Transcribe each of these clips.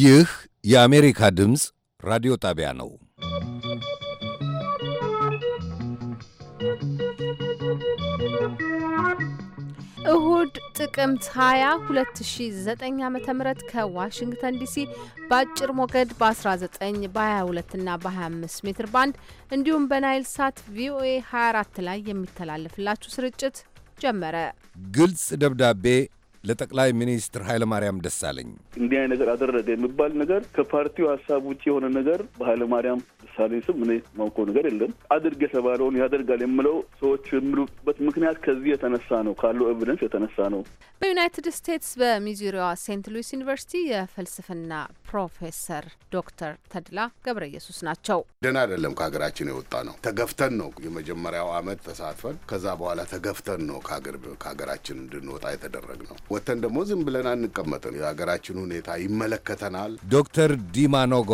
ይህ የአሜሪካ ድምፅ ራዲዮ ጣቢያ ነው። እሁድ ጥቅምት 20 2009 ዓ ም ከዋሽንግተን ዲሲ በአጭር ሞገድ በ19 በ22 እና በ25 ሜትር ባንድ እንዲሁም በናይል ሳት ቪኦኤ 24 ላይ የሚተላለፍላችሁ ስርጭት ጀመረ። ግልጽ ደብዳቤ ለጠቅላይ ሚኒስትር ኃይለማርያም ደሳለኝ እንዲህ አይነት ነገር አደረገ የሚባል ነገር ከፓርቲው ሀሳብ ውጭ የሆነ ነገር በኃይለማርያም ደሳለኝ ስም እኔ ማውቀው ነገር የለም። አድርግ የተባለውን ያደርጋል የምለው ሰዎች የሚሉበት ምክንያት ከዚህ የተነሳ ነው፣ ካለው ኤቪደንስ የተነሳ ነው። በዩናይትድ ስቴትስ በሚዙሪዋ ሴንት ሉዊስ ዩኒቨርሲቲ የፍልስፍና ፕሮፌሰር ዶክተር ተድላ ገብረ ኢየሱስ ናቸው። ደህና አይደለም ከሀገራችን የወጣ ነው። ተገፍተን ነው የመጀመሪያው አመት ተሳትፈን፣ ከዛ በኋላ ተገፍተን ነው ከሀገራችን እንድንወጣ የተደረግ ነው። ወጥተን ደግሞ ዝም ብለን አንቀመጥን። የሀገራችን ሁኔታ ይመለከተናል። ዶክተር ዲማ ኖጎ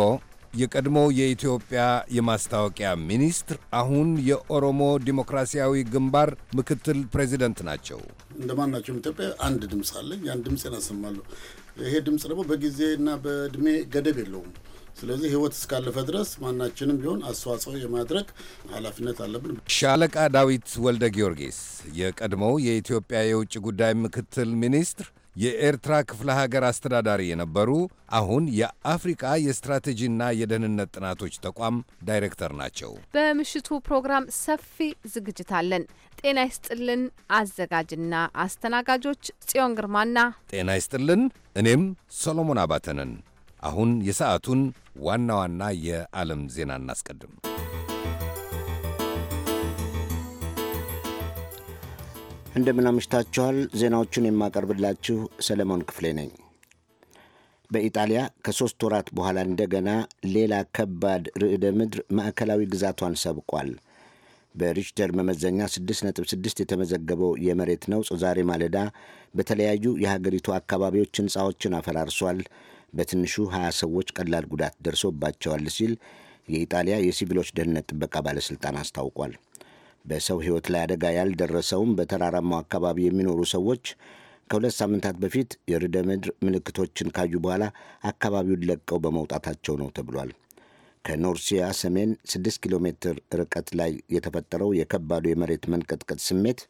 የቀድሞ የኢትዮጵያ የማስታወቂያ ሚኒስትር አሁን የኦሮሞ ዲሞክራሲያዊ ግንባር ምክትል ፕሬዚደንት ናቸው። እንደማናቸውም ኢትዮጵያ አንድ ድምፅ አለኝ። ያን ድምፅ ያሰማለሁ። ይሄ ድምፅ ደግሞ በጊዜና በእድሜ ገደብ የለውም። ስለዚህ ህይወት እስካለፈ ድረስ ማናችንም ቢሆን አስተዋጽኦ የማድረግ ኃላፊነት አለብን። ሻለቃ ዳዊት ወልደ ጊዮርጊስ የቀድሞው የኢትዮጵያ የውጭ ጉዳይ ምክትል ሚኒስትር የኤርትራ ክፍለ ሀገር አስተዳዳሪ የነበሩ አሁን የአፍሪቃ የስትራቴጂና የደህንነት ጥናቶች ተቋም ዳይሬክተር ናቸው። በምሽቱ ፕሮግራም ሰፊ ዝግጅት አለን። ጤና ይስጥልን። አዘጋጅና አስተናጋጆች ጽዮን ግርማና ጤና ይስጥልን። እኔም ሰሎሞን አባተንን አሁን የሰዓቱን ዋና ዋና የዓለም ዜና እናስቀድም። እንደምን አምሽታችኋል። ዜናዎቹን የማቀርብላችሁ ሰለሞን ክፍሌ ነኝ። በኢጣሊያ ከሦስት ወራት በኋላ እንደገና ሌላ ከባድ ርዕደ ምድር ማዕከላዊ ግዛቷን ሰብቋል። በሪችተር መመዘኛ 6.6 የተመዘገበው የመሬት ነውጽ ዛሬ ማለዳ በተለያዩ የሀገሪቱ አካባቢዎች ሕንፃዎችን አፈራርሷል፣ በትንሹ 20 ሰዎች ቀላል ጉዳት ደርሶባቸዋል ሲል የኢጣሊያ የሲቪሎች ደህንነት ጥበቃ ባለሥልጣን አስታውቋል። በሰው ሕይወት ላይ አደጋ ያልደረሰውም በተራራማው አካባቢ የሚኖሩ ሰዎች ከሁለት ሳምንታት በፊት የርዕደ ምድር ምልክቶችን ካዩ በኋላ አካባቢውን ለቀው በመውጣታቸው ነው ተብሏል። ከኖርሲያ ሰሜን 6 ኪሎ ሜትር ርቀት ላይ የተፈጠረው የከባዱ የመሬት መንቀጥቀጥ ስሜት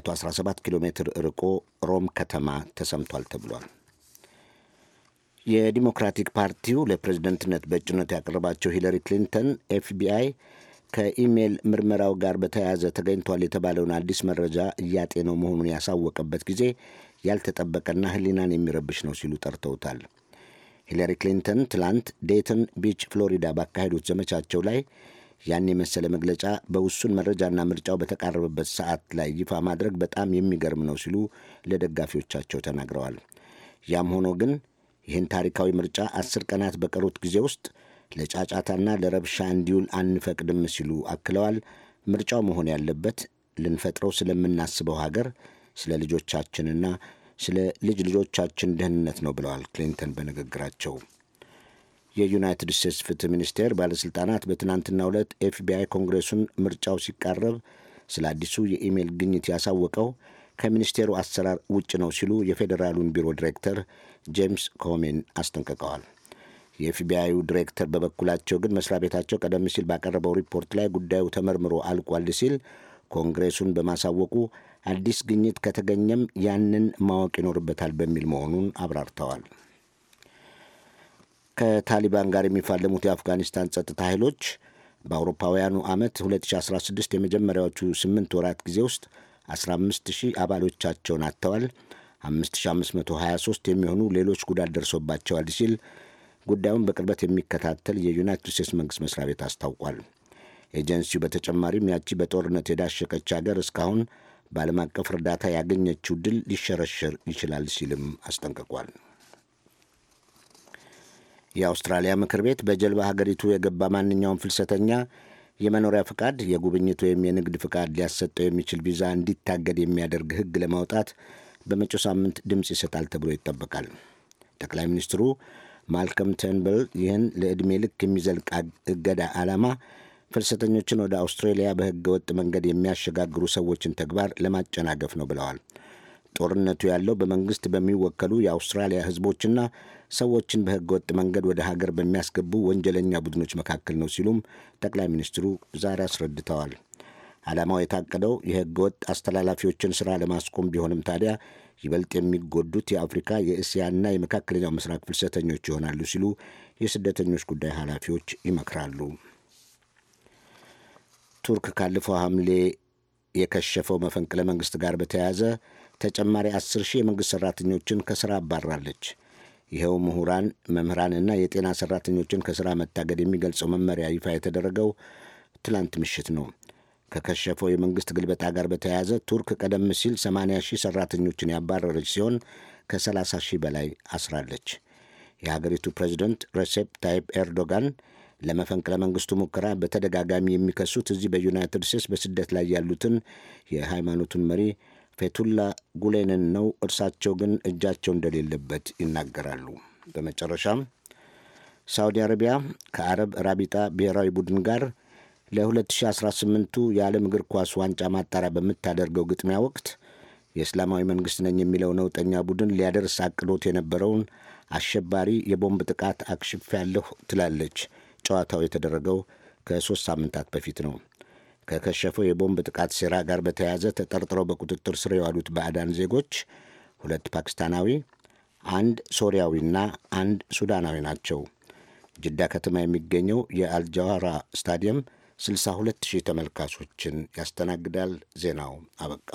117 ኪሎ ሜትር ርቆ ሮም ከተማ ተሰምቷል ተብሏል። የዲሞክራቲክ ፓርቲው ለፕሬዝደንትነት በእጩነት ያቀረባቸው ሂለሪ ክሊንተን ኤፍቢአይ ከኢሜይል ምርመራው ጋር በተያያዘ ተገኝቷል የተባለውን አዲስ መረጃ እያጤነው መሆኑን ያሳወቀበት ጊዜ ያልተጠበቀና ሕሊናን የሚረብሽ ነው ሲሉ ጠርተውታል። ሂለሪ ክሊንተን ትላንት ዴይተን ቢች ፍሎሪዳ ባካሄዱት ዘመቻቸው ላይ ያን የመሰለ መግለጫ በውሱን መረጃና ምርጫው በተቃረበበት ሰዓት ላይ ይፋ ማድረግ በጣም የሚገርም ነው ሲሉ ለደጋፊዎቻቸው ተናግረዋል። ያም ሆኖ ግን ይህን ታሪካዊ ምርጫ አስር ቀናት በቀሩት ጊዜ ውስጥ ለጫጫታና ለረብሻ እንዲውል አንፈቅድም ሲሉ አክለዋል። ምርጫው መሆን ያለበት ልንፈጥረው ስለምናስበው ሀገር፣ ስለ ልጆቻችንና ስለ ልጅ ልጆቻችን ደህንነት ነው ብለዋል ክሊንተን በንግግራቸው። የዩናይትድ ስቴትስ ፍትህ ሚኒስቴር ባለሥልጣናት በትናንትናው ዕለት ኤፍቢአይ ኮንግሬሱን ምርጫው ሲቃረብ ስለ አዲሱ የኢሜይል ግኝት ያሳወቀው ከሚኒስቴሩ አሰራር ውጭ ነው ሲሉ የፌዴራሉን ቢሮ ዲሬክተር ጄምስ ኮሜን አስጠንቅቀዋል። የኤፍቢአዩ ዲሬክተር በበኩላቸው ግን መስሪያ ቤታቸው ቀደም ሲል ባቀረበው ሪፖርት ላይ ጉዳዩ ተመርምሮ አልቋል ሲል ኮንግሬሱን በማሳወቁ አዲስ ግኝት ከተገኘም ያንን ማወቅ ይኖርበታል በሚል መሆኑን አብራርተዋል። ከታሊባን ጋር የሚፋለሙት የአፍጋኒስታን ጸጥታ ኃይሎች በአውሮፓውያኑ ዓመት 2016 የመጀመሪያዎቹ ስምንት ወራት ጊዜ ውስጥ 15 አባሎቻቸውን አጥተዋል። 5523 የሚሆኑ ሌሎች ጉዳት ደርሶባቸዋል ሲል ጉዳዩን በቅርበት የሚከታተል የዩናይትድ ስቴትስ መንግሥት መስሪያ ቤት አስታውቋል። ኤጀንሲው በተጨማሪም ያቺ በጦርነት የዳሸቀች ሀገር እስካሁን በዓለም አቀፍ እርዳታ ያገኘችው ድል ሊሸረሸር ይችላል ሲልም አስጠንቅቋል። የአውስትራሊያ ምክር ቤት በጀልባ ሀገሪቱ የገባ ማንኛውም ፍልሰተኛ የመኖሪያ ፍቃድ፣ የጉብኝት ወይም የንግድ ፍቃድ ሊያሰጠው የሚችል ቪዛ እንዲታገድ የሚያደርግ ሕግ ለማውጣት በመጪው ሳምንት ድምፅ ይሰጣል ተብሎ ይጠበቃል። ጠቅላይ ሚኒስትሩ ማልከም ተንበል ይህን ለዕድሜ ልክ የሚዘልቅ እገዳ ዓላማ ፍልሰተኞችን ወደ አውስትራሊያ በሕገ ወጥ መንገድ የሚያሸጋግሩ ሰዎችን ተግባር ለማጨናገፍ ነው ብለዋል። ጦርነቱ ያለው በመንግስት በሚወከሉ የአውስትራሊያ ህዝቦችና ሰዎችን በህገወጥ መንገድ ወደ ሀገር በሚያስገቡ ወንጀለኛ ቡድኖች መካከል ነው ሲሉም ጠቅላይ ሚኒስትሩ ዛሬ አስረድተዋል። ዓላማው የታቀደው ወጥ አስተላላፊዎችን ስራ ለማስቆም ቢሆንም ታዲያ ይበልጥ የሚጎዱት የአፍሪካ የእስያና የመካከለኛው ምስራቅ ፍልሰተኞች ይሆናሉ ሲሉ የስደተኞች ጉዳይ ኃላፊዎች ይመክራሉ። ቱርክ ካለፈው ሐምሌ የከሸፈው መፈንቅለ መንግሥት ጋር በተያያዘ ተጨማሪ አስር ሺህ የመንግሥት ሠራተኞችን ከሥራ አባራለች። ይኸው ምሁራን፣ መምህራንና የጤና ሠራተኞችን ከሥራ መታገድ የሚገልጸው መመሪያ ይፋ የተደረገው ትላንት ምሽት ነው። ከከሸፈው የመንግሥት ግልበጣ ጋር በተያያዘ ቱርክ ቀደም ሲል 80 ሺህ ሠራተኞችን ያባረረች ሲሆን ከ30 ሺህ በላይ አስራለች። የሀገሪቱ ፕሬዚደንት ረሴፕ ታይፕ ኤርዶጋን ለመፈንቅለ መንግሥቱ ሙከራ በተደጋጋሚ የሚከሱት እዚህ በዩናይትድ ስቴትስ በስደት ላይ ያሉትን የሃይማኖቱን መሪ ፌቱላ ጉሌንን ነው። እርሳቸው ግን እጃቸው እንደሌለበት ይናገራሉ። በመጨረሻም ሳውዲ አረቢያ ከአረብ ራቢጣ ብሔራዊ ቡድን ጋር ለ2018ቱ የዓለም እግር ኳስ ዋንጫ ማጣሪያ በምታደርገው ግጥሚያ ወቅት የእስላማዊ መንግሥት ነኝ የሚለው ነውጠኛ ቡድን ሊያደርስ አቅዶት የነበረውን አሸባሪ የቦምብ ጥቃት አክሽፌያለሁ ትላለች። ጨዋታው የተደረገው ከሦስት ሳምንታት በፊት ነው። ከከሸፈው የቦምብ ጥቃት ሴራ ጋር በተያያዘ ተጠርጥረው በቁጥጥር ስር የዋሉት ባዕዳን ዜጎች ሁለት ፓኪስታናዊ፣ አንድ ሶሪያዊና አንድ ሱዳናዊ ናቸው። ጅዳ ከተማ የሚገኘው የአልጃዋራ ስታዲየም 62 ሺህ ተመልካቾችን ያስተናግዳል። ዜናው አበቃ።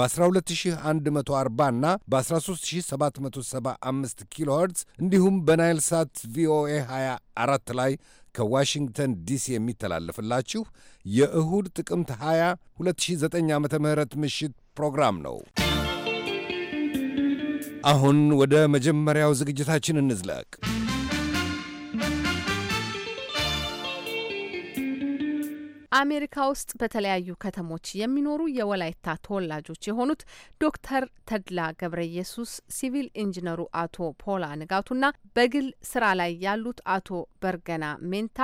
በ12140 እና በ13775 ኪሎ ኸርትዝ እንዲሁም በናይል ሳት ቪኦኤ 24 ላይ ከዋሽንግተን ዲሲ የሚተላለፍላችሁ የእሁድ ጥቅምት 20 2009 ዓ ም ምሽት ፕሮግራም ነው። አሁን ወደ መጀመሪያው ዝግጅታችን እንዝለቅ። አሜሪካ ውስጥ በተለያዩ ከተሞች የሚኖሩ የወላይታ ተወላጆች የሆኑት ዶክተር ተድላ ገብረ ኢየሱስ፣ ሲቪል ኢንጂነሩ አቶ ፖላ ንጋቱና በግል ስራ ላይ ያሉት አቶ በርገና ሜንታ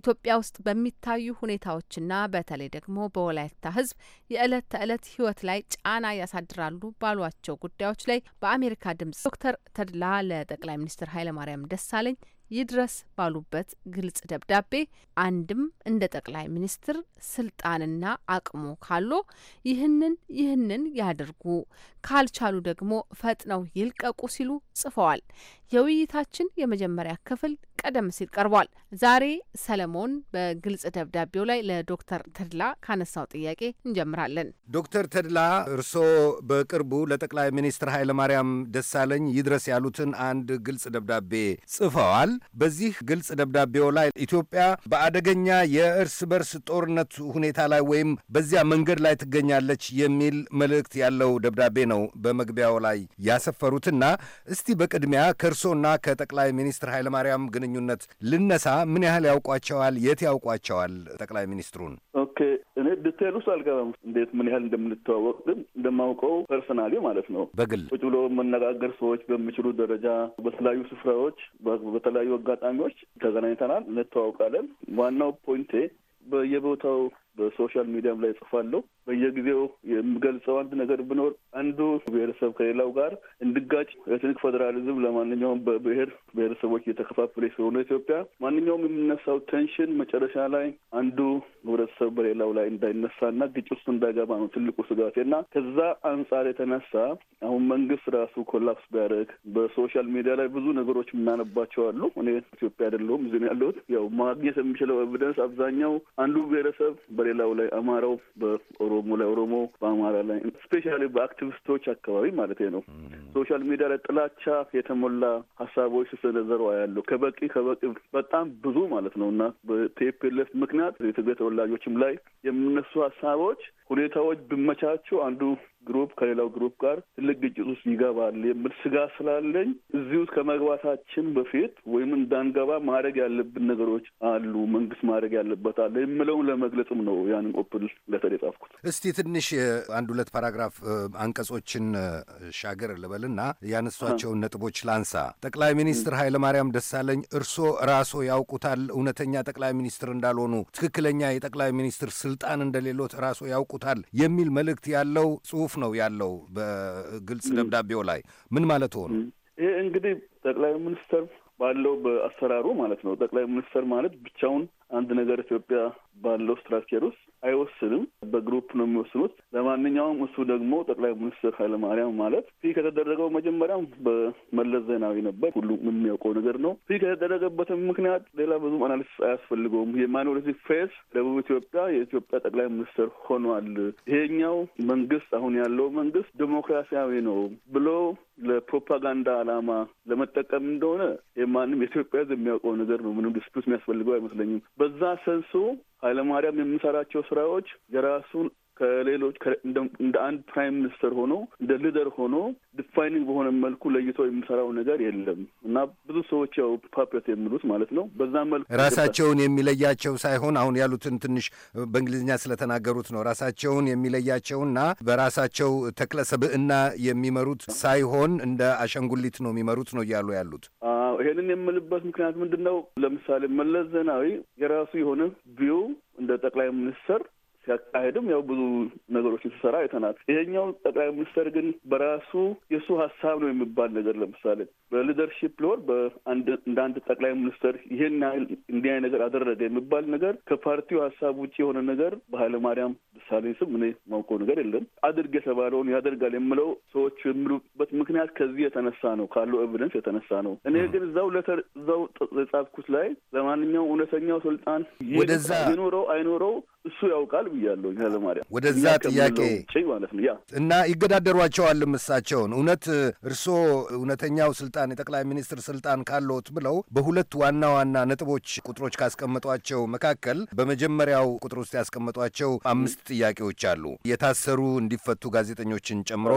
ኢትዮጵያ ውስጥ በሚታዩ ሁኔታዎችና በተለይ ደግሞ በወላይታ ሕዝብ የዕለት ተዕለት ህይወት ላይ ጫና ያሳድራሉ ባሏቸው ጉዳዮች ላይ በአሜሪካ ድምጽ ዶክተር ተድላ ለጠቅላይ ሚኒስትር ኃይለማርያም ደሳለኝ ይድረስ ባሉበት ግልጽ ደብዳቤ አንድም እንደ ጠቅላይ ሚኒስትር ስልጣንና አቅሞ ካሉ ይህንን ይህንን ያድርጉ፣ ካልቻሉ ደግሞ ፈጥነው ይልቀቁ ሲሉ ጽፈዋል። የውይይታችን የመጀመሪያ ክፍል ቀደም ሲል ቀርቧል። ዛሬ ሰለሞን በግልጽ ደብዳቤው ላይ ለዶክተር ተድላ ካነሳው ጥያቄ እንጀምራለን። ዶክተር ተድላ እርስዎ በቅርቡ ለጠቅላይ ሚኒስትር ኃይለማርያም ደሳለኝ ይድረስ ያሉትን አንድ ግልጽ ደብዳቤ ጽፈዋል። በዚህ ግልጽ ደብዳቤው ላይ ኢትዮጵያ በአደገኛ የእርስ በርስ ጦርነት ሁኔታ ላይ ወይም በዚያ መንገድ ላይ ትገኛለች የሚል መልእክት ያለው ደብዳቤ ነው በመግቢያው ላይ ያሰፈሩትና እስቲ በቅድሚያ ከእርሱ ከእርሶና ከጠቅላይ ሚኒስትር ኃይለማርያም ግንኙነት ልነሳ። ምን ያህል ያውቋቸዋል? የት ያውቋቸዋል ጠቅላይ ሚኒስትሩን? ኦኬ እኔ ዲቴል ውስጥ አልገባም፣ እንዴት ምን ያህል እንደምንተዋወቅ ግን እንደማውቀው ፐርሰናሊ ማለት ነው በግል ቁጭ ብሎ መነጋገር ሰዎች በሚችሉ ደረጃ በተለያዩ ስፍራዎች በተለያዩ አጋጣሚዎች ተገናኝተናል፣ እንተዋውቃለን። ዋናው ፖይንቴ በየቦታው በሶሻል ሚዲያም ላይ ጽፋለሁ። በየጊዜው የምገልጸው አንድ ነገር ብኖር አንዱ ብሔረሰብ ከሌላው ጋር እንድጋጭ ኤትኒክ ፌዴራሊዝም ለማንኛውም በብሔር ብሔረሰቦች እየተከፋፈለ ስለሆነ ኢትዮጵያ ማንኛውም የሚነሳው ቴንሽን መጨረሻ ላይ አንዱ ህብረተሰብ በሌላው ላይ እንዳይነሳና ግጭት ውስጥ እንዳይገባ ነው ትልቁ ስጋቴ እና ከዛ አንጻር የተነሳ አሁን መንግስት ራሱ ኮላፕስ ቢያደርግ በሶሻል ሚዲያ ላይ ብዙ ነገሮች የምናነባቸው አሉ። እኔ ኢትዮጵያ አይደለሁም እዚህ ያለሁት። ያው ማግኘት የሚችለው ኤቪደንስ አብዛኛው አንዱ ብሔረሰብ በሌላው ላይ አማራው፣ በኦሮሞ ላይ ኦሮሞ፣ በአማራ ላይ ስፔሻሊ በአክቲቪስቶች አካባቢ ማለት ነው ሶሻል ሚዲያ ላይ ጥላቻ የተሞላ ሀሳቦች ሲሰነዘሩ ያለው ከበቂ ከበቂ በጣም ብዙ ማለት ነው እና በቲፒኤልኤፍ ምክንያት የትግራይ ተወላጆችም ላይ የምነሱ ሀሳቦች ሁኔታዎች ብመቻቸው አንዱ ግሩፕ ከሌላው ግሩፕ ጋር ትልቅ ግጭት ውስጥ ይገባል የሚል ስጋ ስላለኝ እዚህ ውስጥ ከመግባታችን በፊት ወይም እንዳንገባ ማድረግ ያለብን ነገሮች አሉ፣ መንግስት ማድረግ ያለበት አለ የምለውን ለመግለጽም ነው ያንን ኦፕል ለተር የጻፍኩት። እስቲ ትንሽ አንድ ሁለት ፓራግራፍ አንቀጾችን ሻገር ልበልና ያነሷቸውን ነጥቦች ላንሳ። ጠቅላይ ሚኒስትር ኃይለማርያም ደሳለኝ እርስዎ ራሶ ያውቁታል እውነተኛ ጠቅላይ ሚኒስትር እንዳልሆኑ ትክክለኛ የጠቅላይ ሚኒስትር ስልጣን እንደሌሎት ራሶ ያውቁታል የሚል መልእክት ያለው ጽሁፍ ነው ያለው በግልጽ ደብዳቤው ላይ ምን ማለት ሆኑ? ይህ እንግዲህ ጠቅላይ ሚኒስትር ባለው በአሰራሩ ማለት ነው። ጠቅላይ ሚኒስትር ማለት ብቻውን አንድ ነገር ኢትዮጵያ ባለው ስትራክቸር ውስጥ አይወስንም፣ በግሩፕ ነው የሚወስኑት። ለማንኛውም እሱ ደግሞ ጠቅላይ ሚኒስትር ኃይለማርያም ማለት ፊ ከተደረገው መጀመሪያም በመለስ ዜናዊ ነበር፣ ሁሉም የሚያውቀው ነገር ነው። ፒ ከተደረገበትም ምክንያት ሌላ ብዙም አናሊስት አያስፈልገውም። የማይኖሪቲ ፌስ ደቡብ ኢትዮጵያ የኢትዮጵያ ጠቅላይ ሚኒስትር ሆኗል። ይሄኛው መንግስት አሁን ያለው መንግስት ዲሞክራሲያዊ ነው ብሎ ለፕሮፓጋንዳ ዓላማ ለመጠቀም እንደሆነ የማንም የኢትዮጵያ ሕዝብ የሚያውቀው ነገር ነው። ምንም ዲስፒት የሚያስፈልገው አይመስለኝም። በዛ ሰንሶ ኃይለማርያም የምሰራቸው ስራዎች የራሱን ከሌሎች እንደ አንድ ፕራይም ሚኒስትር ሆኖ እንደ ሊደር ሆኖ ዲፋይኒንግ በሆነ መልኩ ለይቶ የሚሰራው ነገር የለም እና ብዙ ሰዎች ያው ፓፕት የሚሉት ማለት ነው። በዛ መልኩ ራሳቸውን የሚለያቸው ሳይሆን አሁን ያሉትን ትንሽ በእንግሊዝኛ ስለተናገሩት ነው። ራሳቸውን የሚለያቸውና በራሳቸው ተክለ ሰብዕና የሚመሩት ሳይሆን እንደ አሻንጉሊት ነው የሚመሩት ነው እያሉ ያሉት ይሄንን የምልበት ምክንያት ምንድን ነው? ለምሳሌ መለስ ዜናዊ የራሱ የሆነ ቪው እንደ ጠቅላይ ሚኒስትር ሲያካሄድም ያው ብዙ ነገሮችን ሲሰራ አይተናል። ይሄኛው ጠቅላይ ሚኒስተር ግን በራሱ የእሱ ሀሳብ ነው የሚባል ነገር ለምሳሌ በሊደርሺፕ ሎር እንደ አንድ ጠቅላይ ሚኒስተር ይህን ያህል እንዲህ ነገር አደረገ የሚባል ነገር ከፓርቲው ሀሳብ ውጭ የሆነ ነገር ማርያም ደሳለኝ ስም እኔ ማውቀው ነገር የለም። አድርግ የተባለውን ያደርጋል የምለው ሰዎች የሚሉበት ምክንያት ከዚህ የተነሳ ነው፣ ካለው ኤቪደንስ የተነሳ ነው። እኔ ግን እዛው ለተር እዛው የጻፍኩት ላይ ለማንኛውም እውነተኛው ስልጣን ይኖረው አይኖረው እሱ ያውቃል። ብያለሁ ኃይለማርያም ወደዛ ጥያቄ ማለት ነው ያ እና ይገዳደሯቸዋልም እሳቸውን እውነት እርስዎ እውነተኛው ስልጣን የጠቅላይ ሚኒስትር ስልጣን ካለዎት ብለው በሁለት ዋና ዋና ነጥቦች ቁጥሮች ካስቀመጧቸው መካከል በመጀመሪያው ቁጥር ውስጥ ያስቀመጧቸው አምስት ጥያቄዎች አሉ። የታሰሩ እንዲፈቱ ጋዜጠኞችን ጨምሮ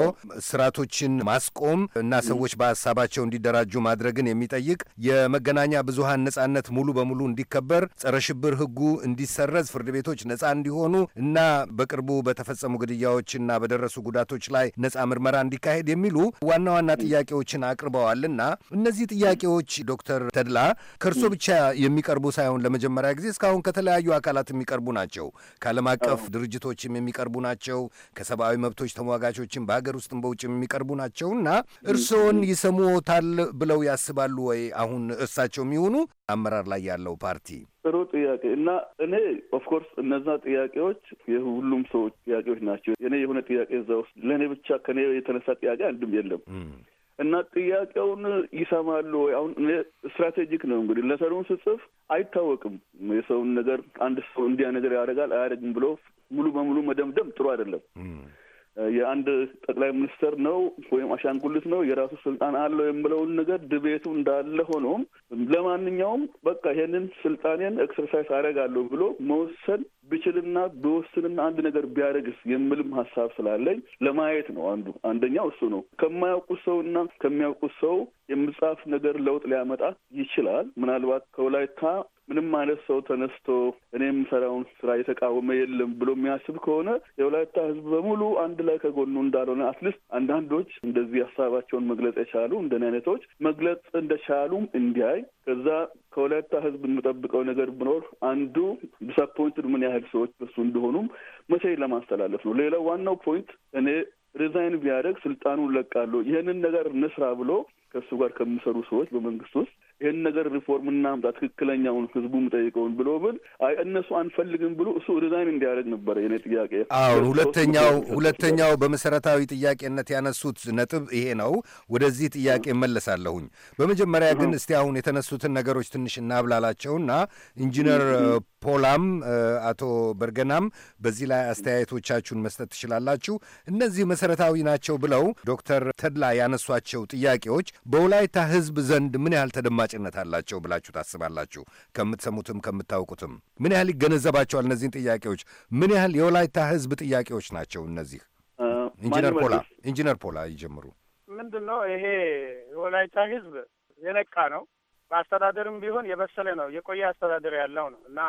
ስርዓቶችን ማስቆም እና ሰዎች በሀሳባቸው እንዲደራጁ ማድረግን የሚጠይቅ የመገናኛ ብዙሃን ነጻነት ሙሉ በሙሉ እንዲከበር፣ ጸረ ሽብር ህጉ እንዲሰረዝ፣ ፍርድ ቤቶች ነጻ እንዲሆኑ፣ እና በቅርቡ በተፈጸሙ ግድያዎችና በደረሱ ጉዳቶች ላይ ነጻ ምርመራ እንዲካሄድ የሚሉ ዋና ዋና ጥያቄዎችን አቅርበዋልና እነዚህ ጥያቄዎች ዶክተር ተድላ ከእርሶ ብቻ የሚቀርቡ ሳይሆን ለመጀመሪያ ጊዜ እስካሁን ከተለያዩ አካላት የሚቀርቡ ናቸው። ከዓለም አቀፍ ድርጅቶችም የሚቀርቡ ናቸው። ከሰብአዊ መብቶች ተሟጋቾችም በሀገር ውስጥም በውጭም የሚቀርቡ ናቸው እና እርስዎን ይሰሙዎታል ብለው ያስባሉ ወይ? አሁን እርሳቸው የሚሆኑ አመራር ላይ ያለው ፓርቲ ጥሩ ጥያቄ እና እኔ ኦፍኮርስ እነዛ ጥያቄዎች የሁሉም ሰዎች ጥያቄዎች ናቸው። የኔ የሆነ ጥያቄ እዛ ውስጥ ለእኔ ብቻ ከኔ የተነሳ ጥያቄ አንድም የለም እና ጥያቄውን ይሰማሉ ወይ? አሁን እኔ ስትራቴጂክ ነው እንግዲህ ለሰሩን ስጽፍ አይታወቅም። የሰውን ነገር አንድ ሰው እንዲያ ነገር ያደርጋል አያደርግም ብሎ ሙሉ በሙሉ መደምደም ጥሩ አይደለም። የአንድ ጠቅላይ ሚኒስተር ነው ወይም አሻንጉሊት ነው የራሱ ስልጣን አለው የምለውን ነገር ድቤቱ እንዳለ ሆኖም ለማንኛውም በቃ ይሄንን ስልጣኔን ኤክሰርሳይዝ አደርጋለሁ ብሎ መወሰን ብችልና ብወስንና አንድ ነገር ቢያደርግስ የምልም ሀሳብ ስላለኝ ለማየት ነው። አንዱ አንደኛው እሱ ነው። ከማያውቁ ሰውና ከሚያውቁ ሰው የምጻፍ ነገር ለውጥ ሊያመጣ ይችላል። ምናልባት ከወላይታ ምንም አይነት ሰው ተነስቶ እኔ የምሰራውን ስራ የተቃወመ የለም ብሎ የሚያስብ ከሆነ የወላይታ ሕዝብ በሙሉ አንድ ላይ ከጎኑ እንዳልሆነ አትሊስት አንዳንዶች እንደዚህ ሀሳባቸውን መግለጽ የቻሉ እንደኔ አይነቶች መግለጽ እንደቻሉም እንዲያይ ከዛ ከወላይታ ህዝብ የምጠብቀው ነገር ብኖር አንዱ ዲስአፖይንትድ ምን ያህል ሰዎች በሱ እንደሆኑም መሳይ ለማስተላለፍ ነው። ሌላው ዋናው ፖይንት እኔ ሪዛይን ቢያደርግ ስልጣኑን ለቃለሁ ይህንን ነገር ንስራ ብሎ ከእሱ ጋር ከሚሰሩ ሰዎች በመንግስት ውስጥ ይህን ነገር ሪፎርም እናምጣ፣ ትክክለኛውን ህዝቡ ጠይቀውን ብሎ ብል አይ እነሱ አንፈልግም ብሎ እሱ ሪዛይን እንዲያደርግ ነበረ የኔ ጥያቄ። አሁን ሁለተኛው ሁለተኛው በመሰረታዊ ጥያቄነት ያነሱት ነጥብ ይሄ ነው። ወደዚህ ጥያቄ መለሳለሁኝ። በመጀመሪያ ግን እስቲ አሁን የተነሱትን ነገሮች ትንሽ እናብላላቸውና ኢንጂነር ፖላም አቶ በርገናም በዚህ ላይ አስተያየቶቻችሁን መስጠት ትችላላችሁ። እነዚህ መሰረታዊ ናቸው ብለው ዶክተር ተድላ ያነሷቸው ጥያቄዎች በወላይታ ህዝብ ዘንድ ምን ያህል ተደማጭ ተጨባጭነት አላቸው ብላችሁ ታስባላችሁ? ከምትሰሙትም ከምታውቁትም ምን ያህል ይገነዘባቸዋል እነዚህን ጥያቄዎች? ምን ያህል የወላይታ ህዝብ ጥያቄዎች ናቸው እነዚህ? ኢንጂነር ፖላ ኢንጂነር ፖላ ይጀምሩ። ምንድን ነው ይሄ የወላይታ ህዝብ የነቃ ነው። በአስተዳደርም ቢሆን የበሰለ ነው። የቆየ አስተዳደር ያለው ነው እና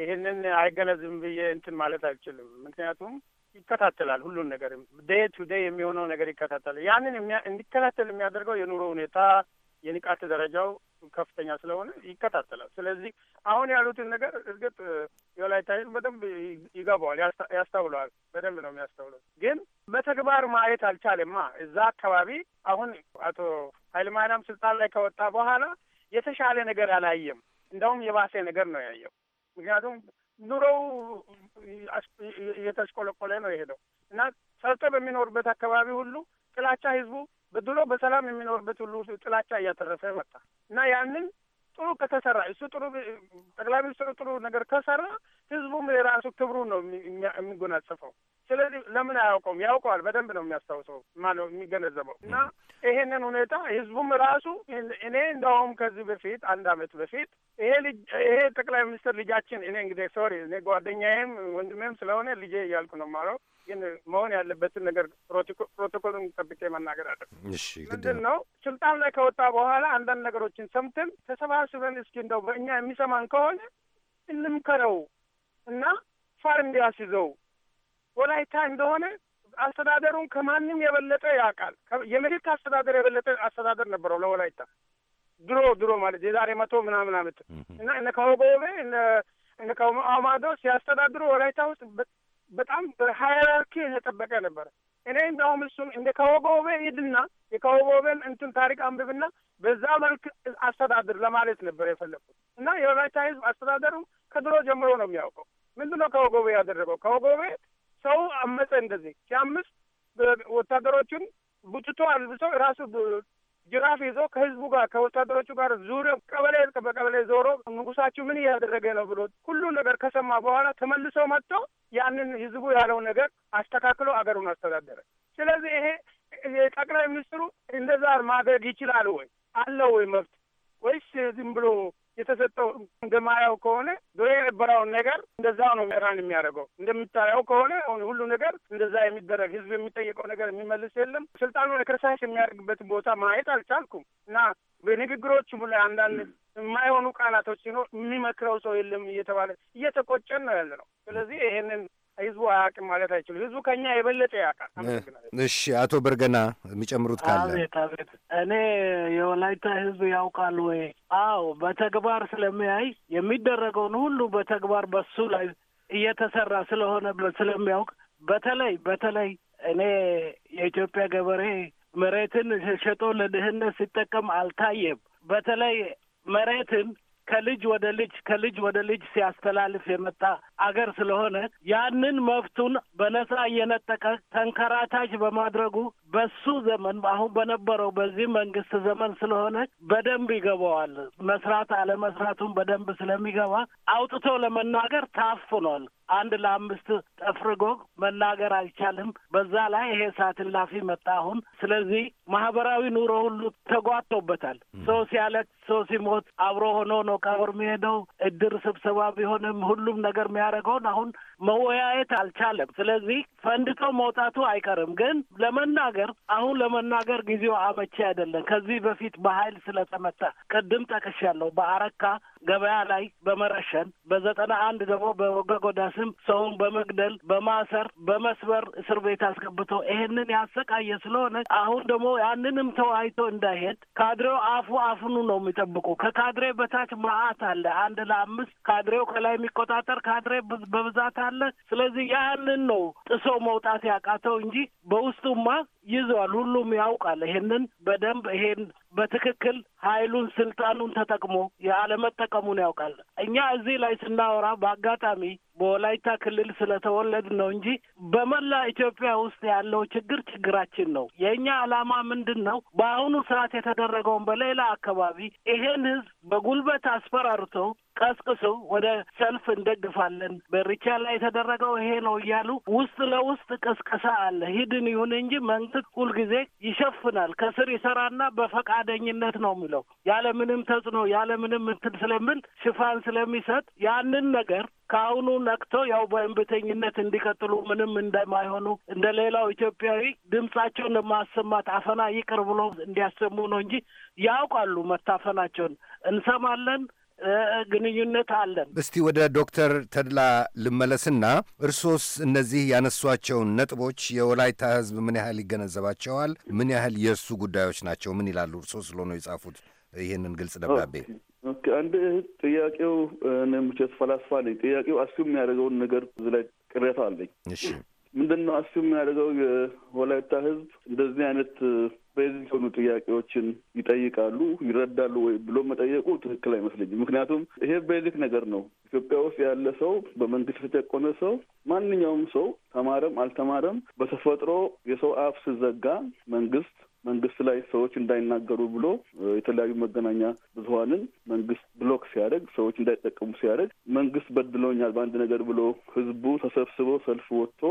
ይህንን አይገነዝም ብዬ እንትን ማለት አይችልም። ምክንያቱም ይከታተላል ሁሉን ነገር ዴይ ቱ ዴይ የሚሆነው ነገር ይከታተላል። ያንን እንዲከታተል የሚያደርገው የኑሮ ሁኔታ የንቃት ደረጃው ከፍተኛ ስለሆነ ይከታተላል። ስለዚህ አሁን ያሉትን ነገር እርግጥ የወላይታ ሕዝብ በደንብ ይገባዋል፣ ያስተውለዋል፣ በደንብ ነው የሚያስተውለው። ግን በተግባር ማየት አልቻለማ። እዛ አካባቢ አሁን አቶ ኃይለማርያም ስልጣን ላይ ከወጣ በኋላ የተሻለ ነገር አላየም። እንደውም የባሰ ነገር ነው ያየው። ምክንያቱም ኑሮው እየተሽቆለቆለ ነው የሄደው እና ሰርቶ በሚኖርበት አካባቢ ሁሉ ጥላቻ ህዝቡ በድሮ በሰላም የሚኖርበት ሁሉ ጥላቻ እያተረፈ መጣ እና ያንን ጥሩ ከተሰራ እሱ ጥሩ ጠቅላይ ሚኒስትሩ ጥሩ ነገር ከሰራ ህዝቡም የራሱ ክብሩ ነው የሚጎናጸፈው። ስለዚህ ለምን አያውቀውም? ያውቀዋል። በደንብ ነው የሚያስታውሰው ማነው የሚገነዘበው። እና ይሄንን ሁኔታ ህዝቡም ራሱ እኔ እንደውም ከዚህ በፊት አንድ አመት በፊት ይሄ ልጅ ይሄ ጠቅላይ ሚኒስትር ልጃችን እኔ እንግዲህ ሶሪ እኔ ጓደኛዬም ወንድሜም ስለሆነ ልጄ እያልኩ ነው የማወራው ግን መሆን ያለበትን ነገር ፕሮቶኮልን ጠብቄ መናገር አለ። ምንድን ነው ስልጣን ላይ ከወጣ በኋላ አንዳንድ ነገሮችን ሰምተን ተሰባስበን እስኪ እንደው በእኛ የሚሰማን ከሆነ እንምከረው እና ፋር እንዲያስይዘው ወላይታ እንደሆነ አስተዳደሩን ከማንም የበለጠ ያውቃል። የመሬት አስተዳደር የበለጠ አስተዳደር ነበረው ለወላይታ ድሮ ድሮ ማለት የዛሬ መቶ ምናምን አመት እና እነ ከወጎቤ እነ ከአማዶ ሲያስተዳድሩ ወላይታ ውስጥ በጣም በሀይራርኪ የተጠበቀ ነበረ። እኔ እንደውም እሱም እንደ ከወጎቤ ሂድና የከወጎቤን እንትን ታሪክ አንብብና በዛ መልክ አስተዳድር ለማለት ነበር የፈለግኩት እና የወላይታ ህዝብ አስተዳደሩ ከድሮ ጀምሮ ነው የሚያውቀው። ምንድን ነው ከወጎቤ ያደረገው? ከወጎቤ ሰው አመፀ እንደዚህ ሲያምስ ወታደሮቹን ቡትቶ አልብሰው ራሱ ጅራፍ ይዞ ከህዝቡ ጋር ከወታደሮቹ ጋር ዙሪያ ቀበሌ በቀበሌ ዞሮ ንጉሳችሁ ምን እያደረገ ነው ብሎ ሁሉ ነገር ከሰማ በኋላ ተመልሶ መጥቶ ያንን ህዝቡ ያለው ነገር አስተካክሎ አገሩን አስተዳደረ። ስለዚህ ይሄ ጠቅላይ ሚኒስትሩ እንደዛ ማድረግ ይችላል ወይ? አለው ወይ መብት ወይስ ዝም ብሎ የተሰጠው እንደማያው ከሆነ ድሮ የነበረውን ነገር እንደዛ ነው ኢራን የሚያደርገው። እንደምታየው ከሆነ አሁን ሁሉ ነገር እንደዛ የሚደረግ ህዝብ የሚጠየቀው ነገር የሚመልስ የለም። ስልጣኑ ክርሳሽ የሚያደርግበት ቦታ ማየት አልቻልኩም እና በንግግሮቹ ላይ አንዳንድ የማይሆኑ ቃላቶች ሲኖር የሚመክረው ሰው የለም እየተባለ እየተቆጨን ነው ያለ ነው። ስለዚህ ይሄንን ህዝቡ አያውቅም ማለት አይችሉም። ህዝቡ ከኛ የበለጠ ያውቃል። እሺ፣ አቶ በርገና የሚጨምሩት ካለ? አቤት አቤት። እኔ የወላይታ ህዝብ ያውቃል ወይ? አዎ፣ በተግባር ስለሚያይ የሚደረገውን ሁሉ በተግባር በሱ ላይ እየተሰራ ስለሆነ ስለሚያውቅ በተለይ በተለይ እኔ የኢትዮጵያ ገበሬ መሬትን ሸጦ ለድህነት ሲጠቀም አልታየም። በተለይ መሬትን ከልጅ ወደ ልጅ ከልጅ ወደ ልጅ ሲያስተላልፍ የመጣ አገር ስለሆነ ያንን መብቱን በነጻ እየነጠቀ ተንከራታች በማድረጉ በሱ ዘመን አሁን በነበረው በዚህ መንግስት ዘመን ስለሆነ በደንብ ይገባዋል። መስራት አለመስራቱን በደንብ ስለሚገባ አውጥቶ ለመናገር ታፍኗል። አንድ ለአምስት ጠፍርጎ መናገር አይቻልም። በዛ ላይ ይሄ ሳትን ላፊ መጣ አሁን። ስለዚህ ማህበራዊ ኑሮ ሁሉ ተጓቶበታል። ሰው ሲያለቅ፣ ሰው ሲሞት አብሮ ሆኖ ነው ከአሁር የሚሄደው እድር ስብሰባ ቢሆንም ሁሉም ነገር የሚያደርገውን አሁን መወያየት አልቻለም። ስለዚህ ፈንድቶ መውጣቱ አይቀርም፣ ግን ለመናገር አሁን ለመናገር ጊዜው አመቼ አይደለም። ከዚህ በፊት በኃይል ስለተመታ ቅድም ጠቅሻለሁ በአረካ ገበያ ላይ በመረሸን በዘጠና አንድ ደግሞ በወገጎዳ ስም ሰውን በመግደል በማሰር በመስበር እስር ቤት አስገብተው ይሄንን ያሰቃየ ስለሆነ አሁን ደግሞ ያንንም ተዋይቶ እንዳይሄድ ካድሬው አፉ አፍኑ ነው የሚጠብቁ። ከካድሬ በታች መዓት አለ፣ አንድ ለአምስት ካድሬው ከላይ የሚቆጣጠር ካድሬ በብዛት አለ። ስለዚህ ያንን ነው ጥሶ መውጣት ያቃተው እንጂ በውስጡማ ይዘዋል። ሁሉም ያውቃል። ይሄንን በደንብ ይሄን በትክክል ኃይሉን ስልጣኑን ተጠቅሞ የአለመጠ እንደሚጠቀሙ ነው ያውቃል። እኛ እዚህ ላይ ስናወራ በአጋጣሚ በወላይታ ክልል ስለተወለድ ነው እንጂ በመላ ኢትዮጵያ ውስጥ ያለው ችግር ችግራችን ነው። የእኛ ዓላማ ምንድን ነው? በአሁኑ ሰዓት የተደረገውን በሌላ አካባቢ ይሄን ህዝብ በጉልበት አስፈራርቶ ቀስቅሶ ወደ ሰልፍ እንደግፋለን፣ በሪቻ ላይ የተደረገው ይሄ ነው እያሉ ውስጥ ለውስጥ ቅስቀሳ አለ። ሂድን ይሁን እንጂ መንግስት ሁልጊዜ ይሸፍናል፣ ከስር ይሰራና በፈቃደኝነት ነው የሚለው ያለምንም ተጽዕኖ ያለምንም እንትን ስለምል ሽፋን ስለሚሰጥ ያንን ነገር ከአሁኑ ነቅተው ያው በእንብተኝነት እንዲቀጥሉ ምንም እንደማይሆኑ እንደ ሌላው ኢትዮጵያዊ ድምጻቸውን ለማሰማት አፈና ይቅር ብሎ እንዲያሰሙ ነው እንጂ ያውቃሉ መታፈናቸውን። እንሰማለን ግንኙነት አለን። እስቲ ወደ ዶክተር ተድላ ልመለስና እርሶስ እነዚህ ያነሷቸውን ነጥቦች የወላይታ ሕዝብ ምን ያህል ይገነዘባቸዋል? ምን ያህል የእሱ ጉዳዮች ናቸው? ምን ይላሉ? እርሶ ስለሆነ የጻፉት ይህንን ግልጽ ደብዳቤ አንድ እህት ጥያቄው ነምቸት ፈላስፋ ነኝ። ጥያቄው አስዩ የሚያደርገውን ነገር እዚህ ላይ ቅሬታ አለኝ። ምንድን ነው የሚያደርገው? የወላይታ ህዝብ እንደዚህ አይነት ቤዚክ የሆኑ ጥያቄዎችን ይጠይቃሉ ይረዳሉ ወይ ብሎ መጠየቁ ትክክል አይመስለኝም። ምክንያቱም ይሄ ቤዚክ ነገር ነው። ኢትዮጵያ ውስጥ ያለ ሰው በመንግስት የተጨቆነ ሰው ማንኛውም ሰው ተማረም አልተማረም፣ በተፈጥሮ የሰው አፍ ስዘጋ መንግስት መንግስት ላይ ሰዎች እንዳይናገሩ ብሎ የተለያዩ መገናኛ ብዙሀንን መንግስት ብሎክ ሲያደርግ ሰዎች እንዳይጠቀሙ ሲያደርግ መንግስት በድሎኛል በአንድ ነገር ብሎ ህዝቡ ተሰብስቦ ሰልፍ ወጥቶ